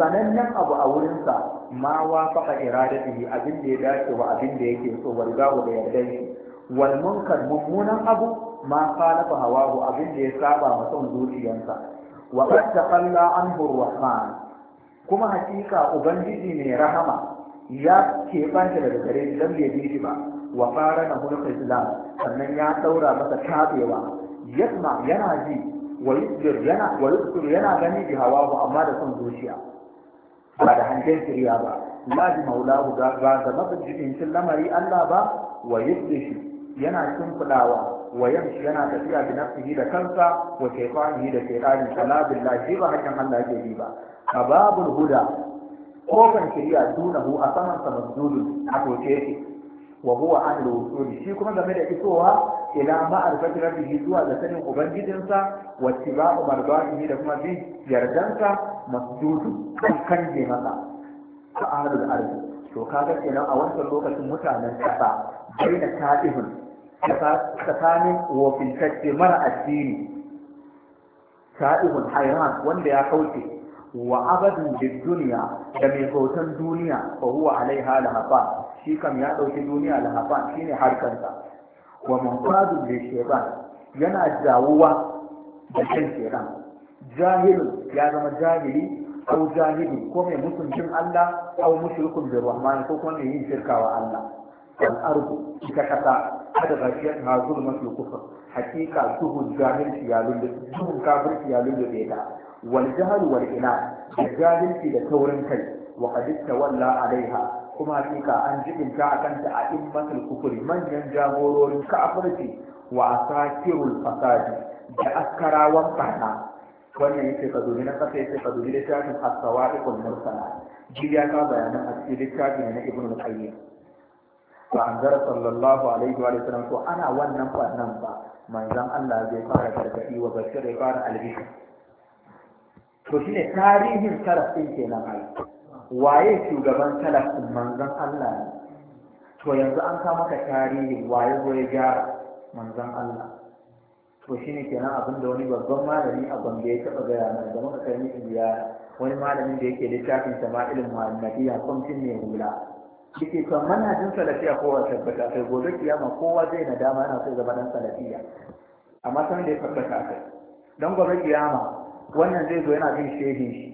[SPEAKER 1] sanannen abu a wurinsa ma wa faɗa iradatihi abin da ya dace wa abin da yake so wa riga da yardan shi wal munkar mummunan abu ma khalafa hawahu abin da ya saba ma son zuciyarsa wa qad taqalla anhu rahman kuma hakika ubangiji ne rahama ya ke keɓanta daga gare shi dan bai bi ba wa fara na mulkin islam sannan ya saura masa tabewa yasma yana ji wa yana yana gani da hawa amma da son zuciya ba da hangen kiriya ba lazi maulahu ga ga da mabujin cin lamari Allah ba wa shi yana cin fudawa wa shi yana tafiya da nafsihi da kansa wa shaytanihi da shaytani kana billahi ba hakan Allah yake yi ba ababul huda kofan kiriya dunahu a samansa masdudun a koke yake wa huwa ahlul usul shi kuma game da isowa ila ma'arfati rabbihi zuwa da sanin ubangijinsa wa tiba'u mardatihi da kuma bin yardansa masjudu kan kanje masa ta da ardi to kaga kenan a wancan lokacin mutanen kasa daina ta'ihun tsakanin wofintacce mara addini ta'ihun hayran wanda ya kauce wa abadin duniya da mai hoton duniya fa huwa alaiha lahafa shi kam ya ɗauki duniya lahafa shine harkarsa wa mafadu da shaitan yana jawowa da kan shaitan jahilu ya zama jahili ko jahili ko mai mutuncin Allah au mushrikun bi rahman ko kuma mai yin shirka wa Allah wal ardu ita kasa kada ba shi na zulma fi kufr hakika duhu jahilci ya lulle duhun kafirci ya lulle da wal jahal wal ina da jahilci da taurin kai wa qad tawalla alaiha kuma hakika an jibinta a kanta a immatul kufuri manyan jagororin kafirci wa asakirul fasadi da askarawan barna wannan yake ka dubi na kasa yake ka dubi littafin as-sawa'iqul mursala jiya ka bayanan a cikin littafin na ibnu al-qayyim to anzara sallallahu alaihi wa sallam ana wannan fannan ba manzon Allah zai fara gargadi wa bashir ya fara albishir to shine tarihin sarafin kenan ai waye shugaban talafin manzan Allah ne to yanzu an ka maka tarihi waye zo ya gyara manzan Allah to shi ne kenan abin da wani babban malami a gombe ya taɓa gaya mana da muka kai miki ziyara wani malamin da yake littafin sama'ilin ya kwamfin ne hula yake kan manhajin salafiya kowa tabbata kai gobe kiyama kowa zai nadama yana so zama dan salafiya amma san da ya tabbata kai dan gobe kiyama wannan zai zo yana bin shehin shi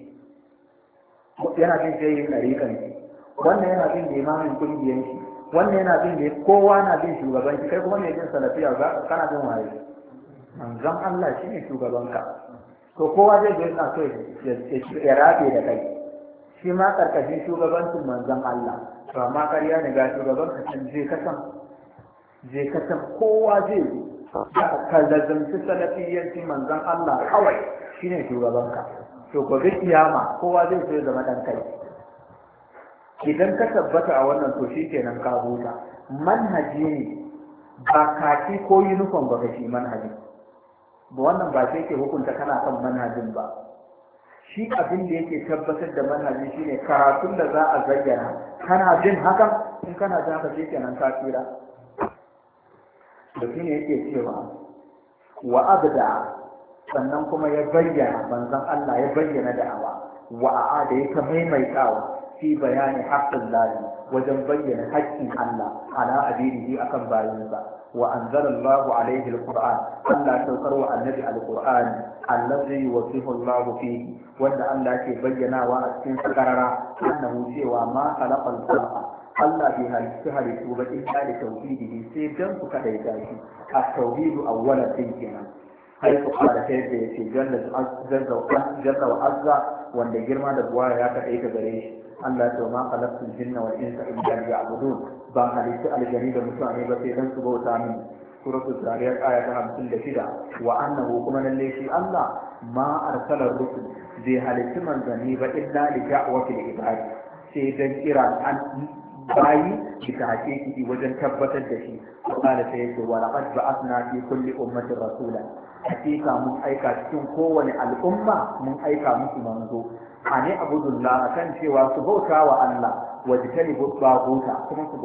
[SPEAKER 1] yana bin shehin ɗarikan shi wannan yana bin limamin ƙungiyan shi wannan yana cin da kowa na bin shugaban shi kai kuma mai jin salafiya za kana cin waye manzon Allah shi ne shugabanka to kowa zai ga yana so ya rafe da kai shi ma karkashin shugabancin manzon Allah to amma ƙarya ne ga shugaban ka can je kasan je kasan kowa zai ka lazamci salafiyancin manzon Allah kawai shi shugaban shugabanka to gobe kiyama kowa zai so ya zama dan kai idan ka tabbata a wannan to shikenan ka huta manhaji ne ba kaki ko uniform ba kashi manhaji ba wannan ba sai ke hukunta kana kan manhajin ba shi abin da yake tabbatar da manhaji shine karatun da za a zayyana kana jin haka in kana jin haka shikenan ka tsira da shine yake cewa wa abda sannan kuma ya bayyana manzon Allah ya bayyana da'awa wa'a da ya ta maimaitawa fi bayani haƙƙin lahi wajen bayyana haƙƙin Allah ala abidihi akan bayinsa wa anzalallahu alaihi alquran Allah saukar wa annabi alquran allazi yuwaffihu Allah fihi wanda Allah ke bayyanawa a cikin sakarara annahu cewa ma khalaqal khalqa Allah bai halittu halittu ba in da tauhidihi sai dan ku kadaita shi a tauhidu awwalan kenan حيث قال aza wanda girma da وعزة ya جرما دبوا يا gare shi? Allah ya ma khalaqtul jinna wal insa illa liya'budun ba halittu aljani da mutane ba sai dan su bauta min suratul zariyat aya ta 56 wa annahu kuma lalle shi Allah ma arsala rusul zai halittu manzanni ba illa li da'watil sai dan kira an bayi ki wajen tabbatar da shi qala sai yake wa laqad ba'athna fi kulli ummatin rasula hakika mun aika cikin kowane al'umma mun aika musu manzo a ne abudullah kan cewa su bauta wa Allah ne bauta kuma su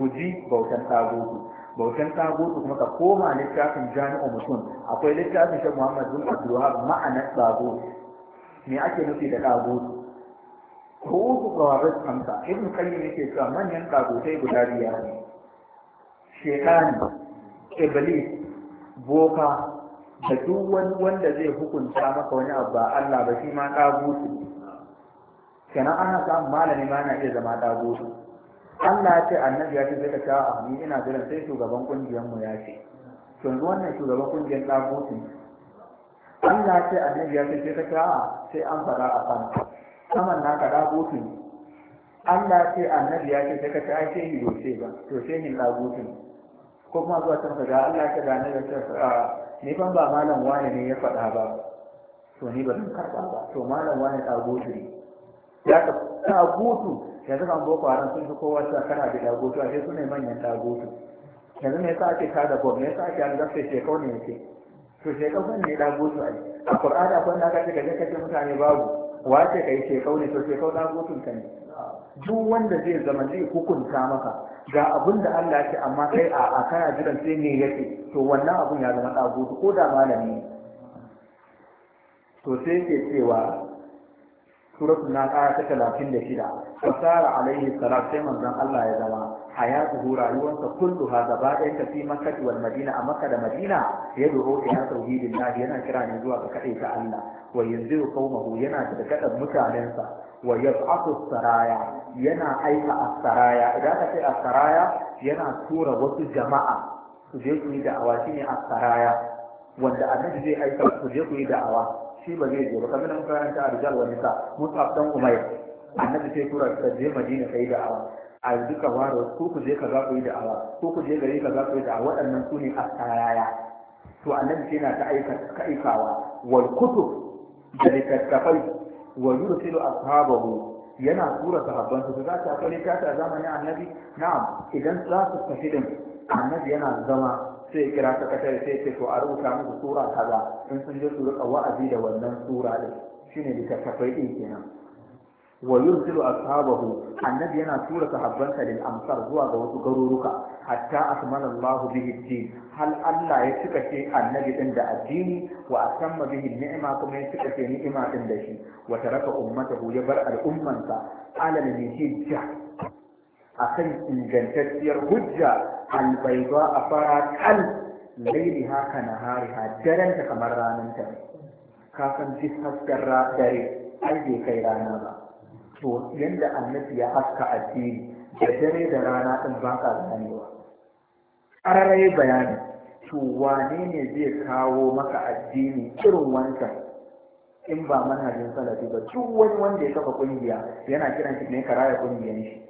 [SPEAKER 1] guji bautan tagutu bautan tagutu kuma ka koma littafin jami'u mutum akwai littafin shan muhammad bin abdulwahab ma'anar tagutu me ake nufi da tagutu Ruhu Rabbit Hamsa, Ibn Qayyim yake cewa manyan kagotai guda biyar ne. Shekani, Iblis, Boka, da duk wani wanda zai hukunta maka wani abu ba Allah ba shi ma ɗagutu kenan ana samun malami ma na iya zama ɗagutu Allah ya ce annabi ya ce zai ka sha'a ni ina jiran sai shugaban kungiyar mu ya ce yanzu wannan shugaban kungiyar ɗagutu Allah ya ce annabi ya ce zai ka sha'a sai an fara a kan saman naka ɗagutu ne Allah ya ce annabi ya ce zai ka sha'a sai ni ba to sai ni ɗagutu ko kuma zuwa can ka ga Allah ya ce da annabi ya ce ah, ni ban ba malam wani ne ya faɗa ba to ni ba zan karɓa ba to malam wani ɗagotu ne ya ka ɗagotu yanzu kan boko haram sun fi kowa a kana da ɗagotu ce su ne manyan ɗagotu yanzu me yasa ake kada bob me yasa ake alzafta shekau ne yake to shekau ban ne ɗagotu a yi? a ƙur'ani akwai na aka ce ka je ka ce mutane babu wace ka yi shekau ne to shekau ɗagotun ka ne duk wanda zai zama zai hukunta maka ga abin da Allah ce amma kai a a kana jiran sai me yake to wannan abun ya zama dago ko da malami to sai ke cewa suratul naqara ta shida. fasara alaihi salam sai manzon Allah ya zama hayatuhu rayuwarsa kulluha gaba ɗayan ta fi makka wal madina a makka da madina ya duro ya tauhidin yana kira ne zuwa ga kaɗai ta Allah wa yanzu qaumahu yana da kaɗan mutanensa wa yab'athu saraya yana aika asaraya idan aka ce asaraya yana tura wasu jama'a su je ku yi da'awa shine asaraya wanda annabi zai aika ku je ku yi da'awa shi ba zai je ba kamar nan karanta ta rijal wani sa musab dan umayr annabi sai tura ka je madina kai da'awa a duka waro ko ku je ka kaza ku yi da'awa ko ku je ka kaza ku yi da'awa waɗannan su ne asaraya to annabi sai yana ta aika aikawa wal kutub da littattafai wa yursilu ashabahu yana tura sahabban su za ta kare ta a zamanin annabi na'am idan za su tafi din annabi yana zama sai ya kira sakatare sai ya ce to a rubuta musu sura kaza in sun je su rika wa'azi da wannan sura din shine littattafai din kenan wa yursilu ashabahu annabi yana tura sahabbansa lil amsar zuwa ga wasu garuruka hatta asmanallahu Allahu bihi din hal Allah ya cika ce annabi din da addini wa atamma bihi ni'ima kuma ya cika ce ni'ima din da shi wa taraka ummatahu ya bar al'ummansa ala min hijja akan ingantacciyar hujja albayda a fara kal laili haka nahariha ha daranta kamar ranar ta ka san hasken dare ai bai kai rana ba to yanda annabi ya haska addini da dare da rana din ba ka ganewa ƙararrai bayani to wane ne zai kawo maka addini irin wancan in ba manhajin salafi ba duk wani wanda ya kafa kungiya yana kiran shi ne karaya ƙungiyar shi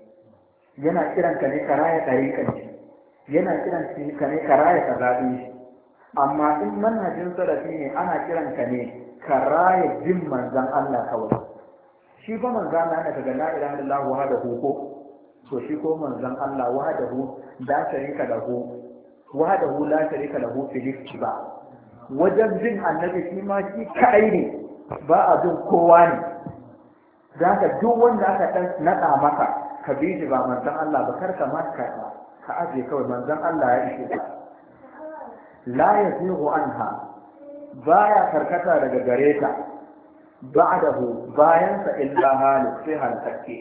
[SPEAKER 1] yana kiran ka ne karaya ɗariƙan shi yana kiran shi ka ne karaya kazaɓin shi amma in manhajin salafi ne ana kiran ka ne karaya jin manzan Allah kawai shi fa na Allah da daga la ilaha illallah wahdahu ko to shi ko manzon Allah wahdahu la sharika lahu wahdahu la sharika lahu fil ba wajen jin annabi shi ma shi kai ne ba a jin kowa ne Za ka duk wanda aka dan nada maka ka bi shi ba Manzan Allah ba karka ma ka ka aje kawai Manzan Allah ya ishe ka la yazighu anha baya karkata daga gare ta Ba'adahu, bayan sa illa halu sai halakakke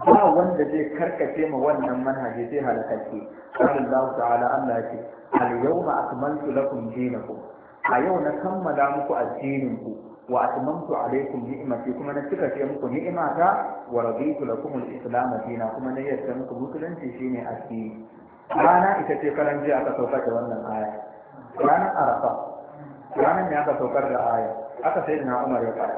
[SPEAKER 1] ba wanda zai karkace ma wannan manhaji sai halakakke qala ta'ala Allah ce al yawma akmaltu lakum dinakum a yau na kammala muku addinin ku wa atmamtu alaykum ni'mati kuma na cika ce muku ni'imata wa raditu lakum al-islam dinan kuma na yarda muku musulunci shine addini rana ita ce karan jiya aka saukar da wannan aya ranar arafa ranar ne aka saukar da aya aka sai na umar ya fara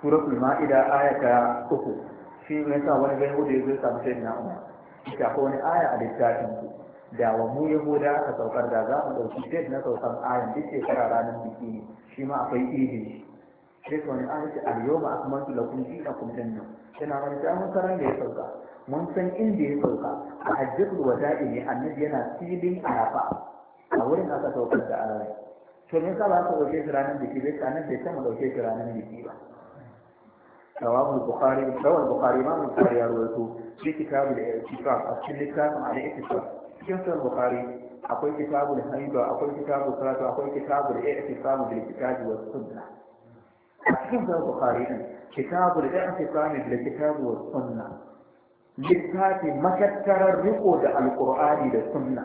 [SPEAKER 1] suratul ma'ida aya ta uku shi ne sa wani gani hudu ya zo samu sai na umar ita ko wani aya a littafin ku da wa mu yahuda aka saukar da za mu dauki sai na saukar aya duk shekara ranar biki ne shi ma akwai idi sai wani aya ce al-yawma akmaltu lakum dinakum dinna kana wani ta mun karan da ya sauka mun san inda ya sauka a hajjatul wada'i ne annabi yana filin arafa a wurin aka saukar da ayan to me ka ba ka dauke shi ranar biki bai nan bai san mu dauke shi ranar biki ba رواه البخاري روى da امام البخاري يروي cikin كتاب الاعتكاف في كتاب عن cikin كيف Bukhari, akwai kitabul haiba akwai kitabul salatu akwai kitabul da bil kitabi was sunnah cikin da bukhari din kitabul i'tisam bil kitabi was sunnah littafi makattarar riko da alqur'ani da sunna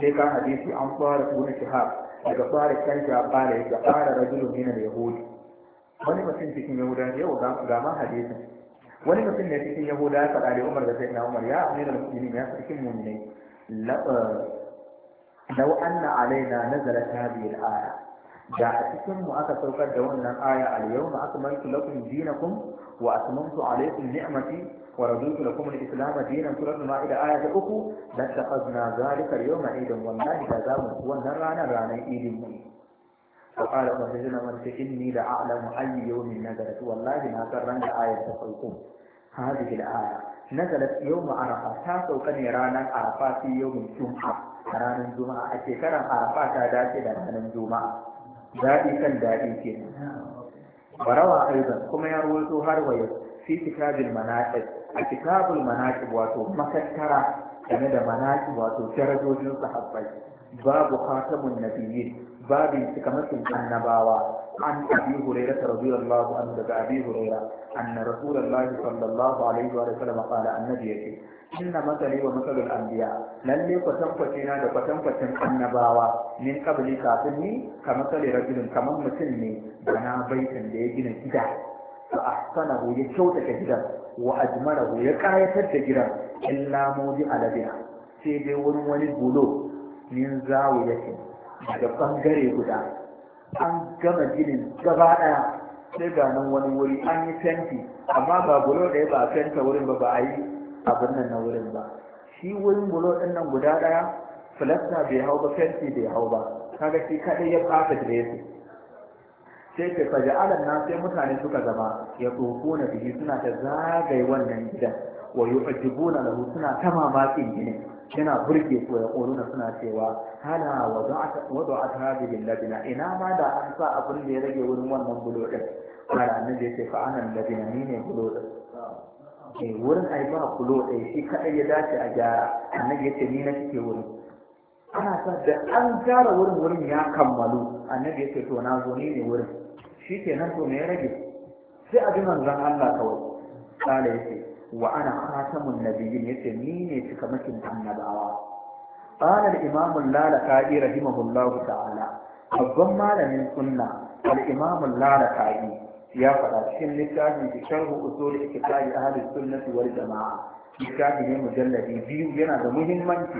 [SPEAKER 1] sai ka hadisi an fara sunan shahab daga fara kanta fara ya fara rajulun min al-yahudi wani mutum cikin yahuda yau ga ma hadisin wani mutum ne cikin yahuda ya faɗa da umar da sai na umar ya amir al-muslimin ya cikin mu'minai eh, law anna alaina nazalat hadhihi al-aya da a cikin mu aka saukar da wannan aya al-yawma akmaltu lakum dinakum wa atmamtu alaikum ni'mati wa raditu lakum al-islam dinan suratul maida aya ta uku da taqadna zalika yawma idan wallahi da zamu wannan ranar ranar idin mu وقال قتلنا من إني لأعلم أي يوم نزلت والله ما كرنت آية تقلكم هذه arafa ta يوم عرفة تاسو كان رانا عرفة في يوم juma'a رانا الجمعة arafa ta dace da رانا juma'a. daɗi kan daɗi ke barawa aida kuma ya rawaito har waya fi kitabul manaqib a kitabul manaqib wato makattara game da manaqib wato darajojin sahabbai babu khatamun nabiyyin babin cikamakin annabawa عن أبي هريرة رضي الله عنه دقى أبي هريرة أن رسول الله صلى الله عليه وسلم قال النبي إن مثلي ومثل الأنبياء للي فتنفتنا فتن النباوة من قبل كاتني كمثل رجل كمم مثلني بنا بيتا ليجن جدا فأحسنه يشوت كجدا وأجمله يكاية كجدا إلا موضع لبنا سيدي ونولي بلو من زاوية daga bangare guda an gama ginin gaba ɗaya sai ga nan wani wuri an yi fenti amma ba bulo ɗaya ba fenta wurin ba ba a yi abin nan na wurin ba shi wurin bulo ɗin nan guda ɗaya filasta bai hau ba fenti bai hau ba kaga shi kaɗai ya ɓata ya sai ce faja'alan na sai mutane suka zama ya tsoko na biyu suna ta zagaye wannan gidan wa yu'jibuna lahu suna ta mamakin ginin yana burge su ya ƙoruna suna cewa hana wada'at hadhihi ladina ina ma da an sa abin da ya rage wurin wannan bulo din kana annabi ya ce fa anan ladina ni ne bulo din ke eh, wurin ai ba bulo din shi kadai ya dace a gyara annabi ya ce ni na cike wurin ana sa da an gyara wurin wurin ya kammalu annabi ya ce to na zo ni ne wurin shi ke nan to me ya rage sai a ji manzon Allah kawai kala ya ce wa ana khatamun nabiyyin ya ce ni ne cika makin annabawa قال الإمام اللالكائي رحمه الله تعالى babban malamin sunna al-imam ya faɗa cikin littafin ki sharhu usul ikhtisabi ahli sunnati wal jamaa littafi ne mujalladi biyu yana da muhimmanci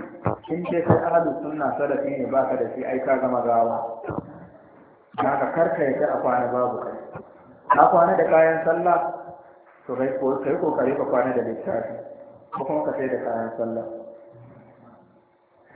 [SPEAKER 1] in dai sai ahli sunna salafi ne baka da shi ai ka gama gawa naka karka ya a kwana babu kai ka kwana da kayan sallah kokari ka kwana da littafi kuma ka da kayan sallah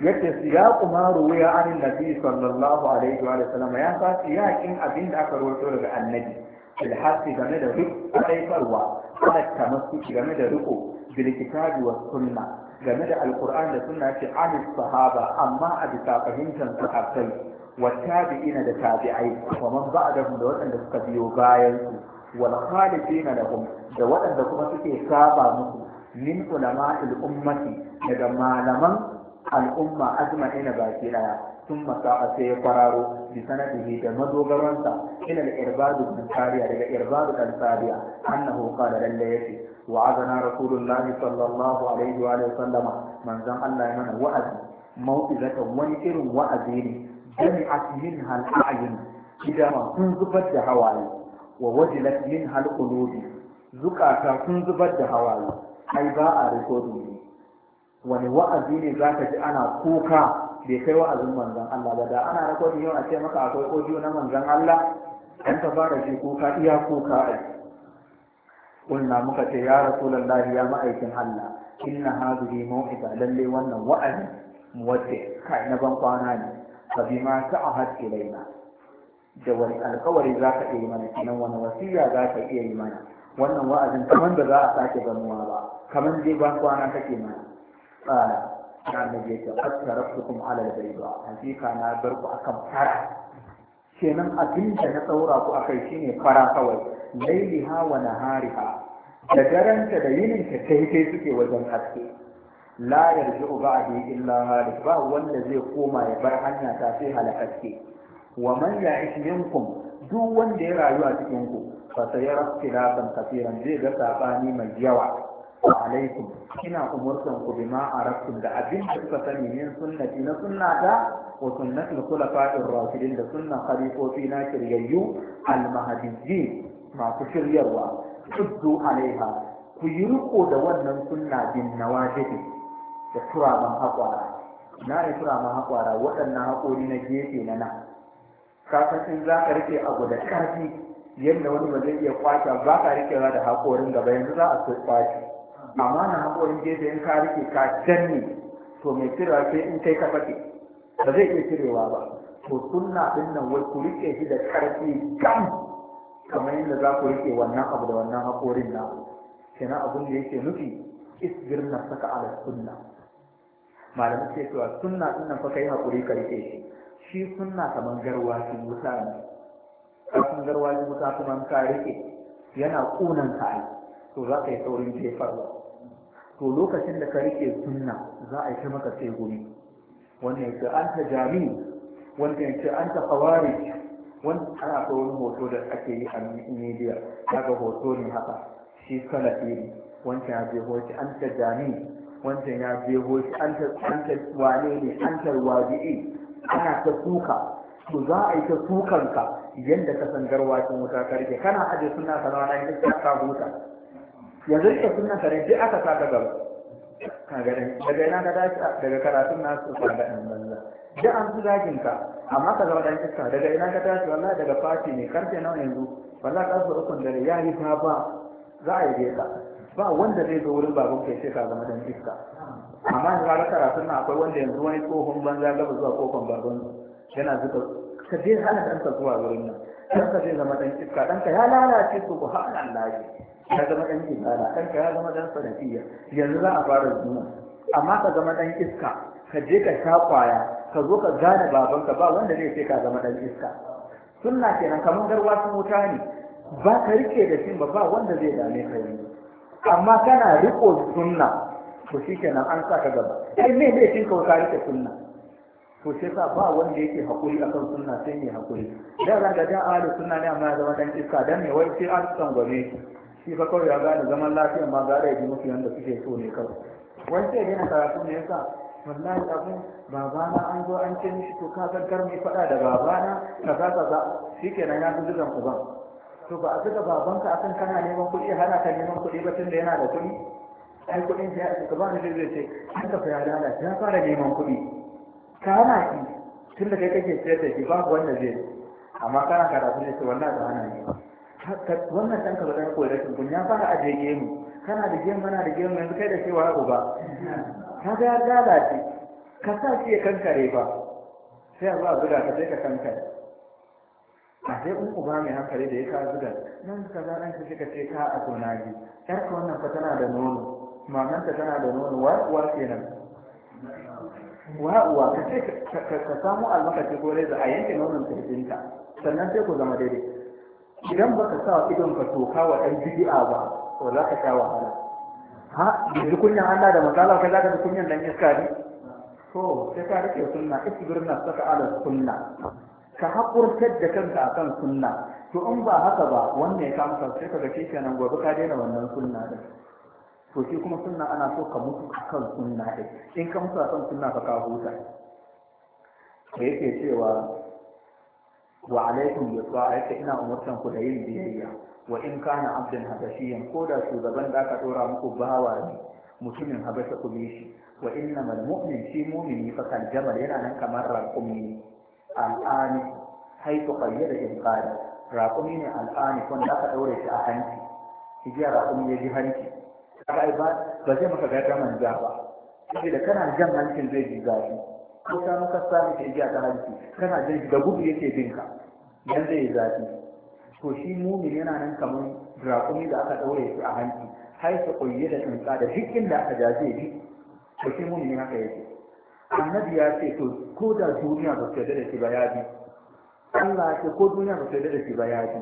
[SPEAKER 1] yake siyaqu kumaru ya an nabi sallallahu alaihi wa sallam ya sa siyakin abin da aka rawaito daga annabi fil hasi game da duk aifarwa ala tamassuki game da riko bil kitabi was sunna game da alquran da sunna ce an sahaba amma a bisa fahimtar sahabbai wa tabi'ina da tabi'ai wa man ba'dahum da waɗanda suka biyo bayan su wal khalifina lahum da waɗanda kuma suke saba musu min ulama'il ummati daga malaman al’umma azma ina baki ɗaya sun masa a sai ya kwararo da sanadihi da madogaransa, ina da irbadu tariya daga irbadu ɗan tariya annahu da lalle yake wa azana rasulullahi sallallahu alaihi wa sallama manzon Allah ya mana wa'azi mawqi zaka wani irin wa'azi ne dani asmin hal a'yun idama sun zubar da hawaye wa wajilat min hal qulubi zukata sun zubar da hawaye ai ba a rikodi wani wa'azi ne za ka ji ana kuka bai kai wa'azin manzan Allah ba da ana rakodin yau a ce maka akwai audio na manzan Allah an ka fara ji kuka iya kuka ai kunna muka ce ya rasulullahi ya ma'aikin Allah inna hadhihi mau'ida lalle wannan wa'azi muwaddi kai na ban kwana ne fa bima ta'ahad ilaina da wani alkawari za ka iya yi mana kenan wani wasiya za ka iya yi mana wannan wa'azin kamar da za a sake ganuwa ba kamar je ban kwana kake mana قال كان نجيك قد تركتكم على البيضاء حقيقة أنا أبرك أكم fara. kenan abinda na tsaura ku akai shine fara kawai lailiha wa nahariha da daranta da yinin ta kai kai suke wajen haske la yarji'u a illa halik ba wanda zai koma ya bar hanya ta sai halakaske wa man ya'ish duk wanda ya rayu a cikin ku fa sayara kafiran zai ga sabani mai yawa alaikum ina umurtan ku bima arabtum da abin da kuka sani min sunnati na sunnata wa sunnatul khulafa'ir rashidin da sunna khalifofi na shiryayyu al ma masu shiryarwa tuddu alaiha ku yi riko da wannan sunna din nawajibi da turaban haƙwara na yi turaban haƙwara waɗannan haƙori na gefe na nan kafin za ka rike abu da ƙarfi yadda wani ba zai iya kwata ba ka rikewa da haƙorin gaba yanzu za a so kwaci amma na haƙorin gefe in ka rike ka janni, to mai cirewa sai in kai ka fake ba zai iya cirewa ba to sunna din nan wai ku rike shi da ƙarfi gam kamar yadda za ku rike wannan abu da wannan haƙorin na kenan abin da yake nufi isbir na saka ala sunna malamin ce cewa sunna din nan fa kai haƙuri ka rike shi shi sunna kamar garwashin wuta ne kafin shi wuta kuma ka rike yana ƙunan ka to za ka yi saurin jefarwa to lokacin da ka rike sunna za a yi ta maka sai gumi wannan yake an ta jami wannan yake an ta kawari wannan ana ta wani hoto da ake yi a media daga hoto ne haka shi salafi ne wancan ya je hoci an ta jami wancan ya je hoci an ta an ta wane ne an ta wajibi ana ta suka to za a yi ta sukanka yadda ka san garwacin wuta karke kana aje suna sanawa na yadda ka huta yanzu ita sun nan ne sai aka saka gaba ka gani daga ina ka tashi ah, daga karatun na su ka gaɗin banza da an fi zagin ka amma ka zama dan iska daga ina ka tashi wallahi daga fati ne karfe nawa yanzu wallahi karfe ukun dare ya yi ta ba za a yi ka ba wanda zai zo wurin baban kai sai ka zama dan iska amma in ka karatun nan akwai wanda yanzu wani tsohon banza gaba zuwa kofan baban yana zuba ka je hana ɗansa zuwa wurin nan ɗanka zai zama ɗan iska ɗanka ya lalace su ku haɗa layi ya zama ɗan kibala ɗanka ya zama ɗan sanadiyya yanzu za a fara zuwa amma ka zama ɗan iska ka je ka sha ƙwaya ka zo ka gane babanka ba wanda zai ce ka zama ɗan iska sunna kenan kamar garwa sun wuta ne ba ka rike da shi ba ba wanda zai dame ka yi. amma kana riko sunna to shi kenan an sa ka gaba sai eh, me ne shi ka rike sunna to sai sa ba wanda yake hakuri akan sunna sai ne hakuri da za ga da ahli sunna ne amma zaman dan iska dan ne wai sai an san gome shi fa kawai ya gane zaman lafiya ma ga ya ji musu yanda suke so ne kawai wai sai yana karatu ne yasa wallahi abu babana an zo an ce mishi to ka san kar mai faɗa da babana ka za ka za shikenan ya zuzu ku ba. to ba a zuga babanka akan kana neman kuɗi hana ka neman kuɗi ba tunda yana da kuɗi ai kuɗin shi ya ka ba ni zai ce an ka fara da lalace ya fara neman kuɗi ka yi ki tun da kai kake siyar da shi babu wanda zai amma kana karatu ne sai wannan ka hana ni wannan ɗan ka bazan koyi rashin kun ya fara jege mu. kana da gemu kana da gemu yanzu kai da cewa uba ka ga ya shi ka sa shi ya kankare ba sai a zo a buga ka sai ka kankare a sai in uba mai hankali da ya ka zuga nan ka za ɗan shi ka ce ka a tona ji ka wannan fa tana da nono mamanta tana da nono wa uwa kenan wa'uwa ka ce ka samu almakaci ko reza a yanke nonon kirjinka sannan sai ku zama daidai idan ba ka sa idon ka toka wa ɗan bidi'a ba to za ka sha wahala ha yanzu kunyan Allah da matsala, kai za ka ji kunyan dan iska ne to sai ka rike sunna isbir na saka ala sunna ka haƙurtar da kanka a kan sunna to in ba haka ba wannan ya kama sai ka ga kenan gobe ka daina wannan sunna din to kuma sunna ana so ka mutu akan sunna ɗin in ka mutu akan sunna ka ka huta da yake cewa wa alaikum bi ta'ati ina umurtan ku da yin biyayya wa in kana abdan habashiyan ko da shugaban da aka ɗora muku bawa ne mutumin habasha ku shi wa innamal mu'min shi mu'mini fa kan jamal yana nan kamar raqumi al'ani haitu qayyada inqadi raqumi ne al'ani da aka daure shi a hanci ga raqumi ya ji hanci kaga ba ba zai maka gata manja ba saboda kana jan hancin zai ji zafi ko ta maka sami ta igiya ta hanci kana jan da gudu yake binka dan zai yi zafi to shi mumin yana nan kamar drakumi da aka daure shi a hanci har ta koyi da tsinka da duk da aka ja zai bi to shi mumin haka yake annabi ya ce to ko da duniya ba su yarda da shi ba ya bi Allah ya ce ko duniya ba su yarda da shi ba ya bi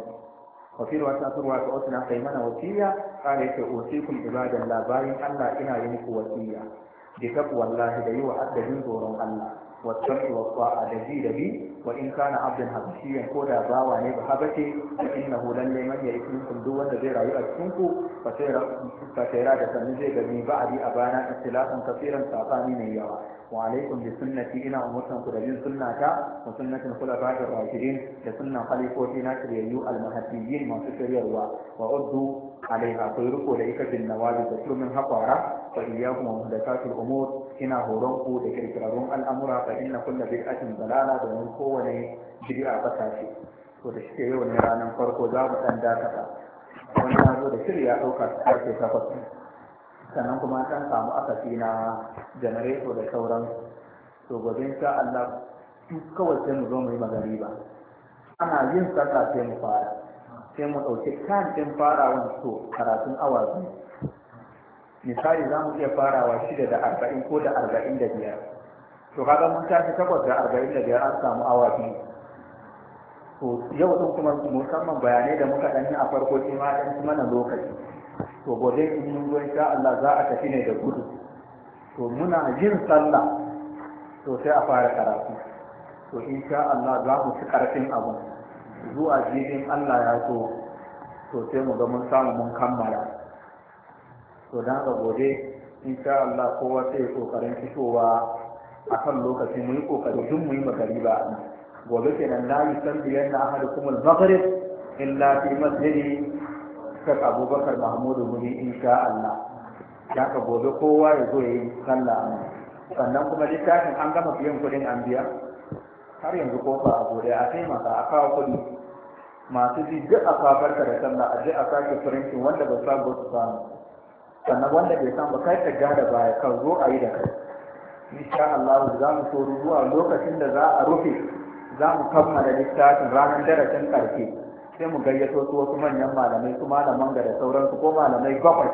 [SPEAKER 1] وفي رواية أخرى وأتنا قيمنا وصية قال أوصيكم عباد الله باين الله إنا يمك وصية بتقوى الله ديو حتى ينظر الله والشرع والطاعة دجي دبي وإن كان عبدا حبشيا كودا باوا نيب حبشي فإنه لن يمن يأكلكم دون غير يأكلكم فسيرا فسيرا جسم زي بعد أبانا اختلافا كثيرا ساقاني نيوا وعليكم بسنتي إنا أمركم كدبين سنة وسنة الخلفاء الراشدين لسنة خليفوتنا كريو المهديين ما تكريروا وعدوا عليها خيرك وليك بالنواب تتلو من حقارة فإياكم ومهدسات الأمور إنا هورنكو لكركرون الأمر فإن كل بدعة ضلالة ونكو ولي جريعة بساتي وتشكيه ونرانا فرقو ذا وأن ذاك wani ya zo da shirya ɗaukar ƙarfe sannan kuma an samu akasi na janareto da sauran to gobe sha Allah kawai sai mu zo mu yi ba. ana yin saka sai mu fara sai mu ɗauki kan ɗin farawan to karatun awa biyu misali za mu iya farawa shida da arba'in ko da arba'in da biyar to kaga mun tashi takwas da arba'in da biyar an samu awa biyu to yau ɗin kuma musamman bayanai da muka ɗan yi a farko shi ma ɗan mana lokaci to gobe in mun zo insha Allah za a tafi ne da gudu to muna jin sallah to sai a fara karatu to insha Allah za mu ci karfin abu zuwa jirin Allah ya so to sai mu ga mun samu mun kammala to dan ga gobe insha Allah kowa sai kokarin fitowa kan lokaci mu yi kokari duk mu yi ba. gobe kenan da yusalli na ahadukum al-maghrib illa fi masjidi kan abubakar mahmudu in sha Allah ya ka gobe kowa ya zo ya yi sallah a sannan kuma littafin an gama biyan kuɗin an biya har yanzu kofa a gode a taimaka a kawo kuɗi masu ji duk a fafarka da sallah a je a sake firintin wanda ba sa su samu sannan wanda bai san ba kai ka gyara baya ka zo a yi da kai insha Allah za mu so zuwa lokacin da za a rufe za mu kammala littafin ranar darasin ƙarfe sai mu gayyato su wasu manyan malamai su malaman ga da sauransu ko malamai bakwai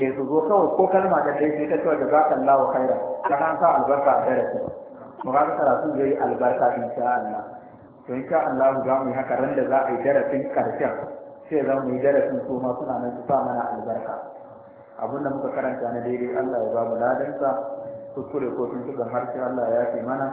[SPEAKER 1] ke su zo kawai ko kalma da dai sai ta cewa da za, Allah wa khaira ka kan sa albarka a darasi mu ga karatu zai yi albarka sha Allah to sha Allah za mu yi haka ran da za a yi darasin karshen sai za mu yi darasin su ma suna nan su sa mana albarka abin da muka karanta na daidai Allah ya ba mu ladansa kuskure ko sun shiga harshe Allah ya fi mana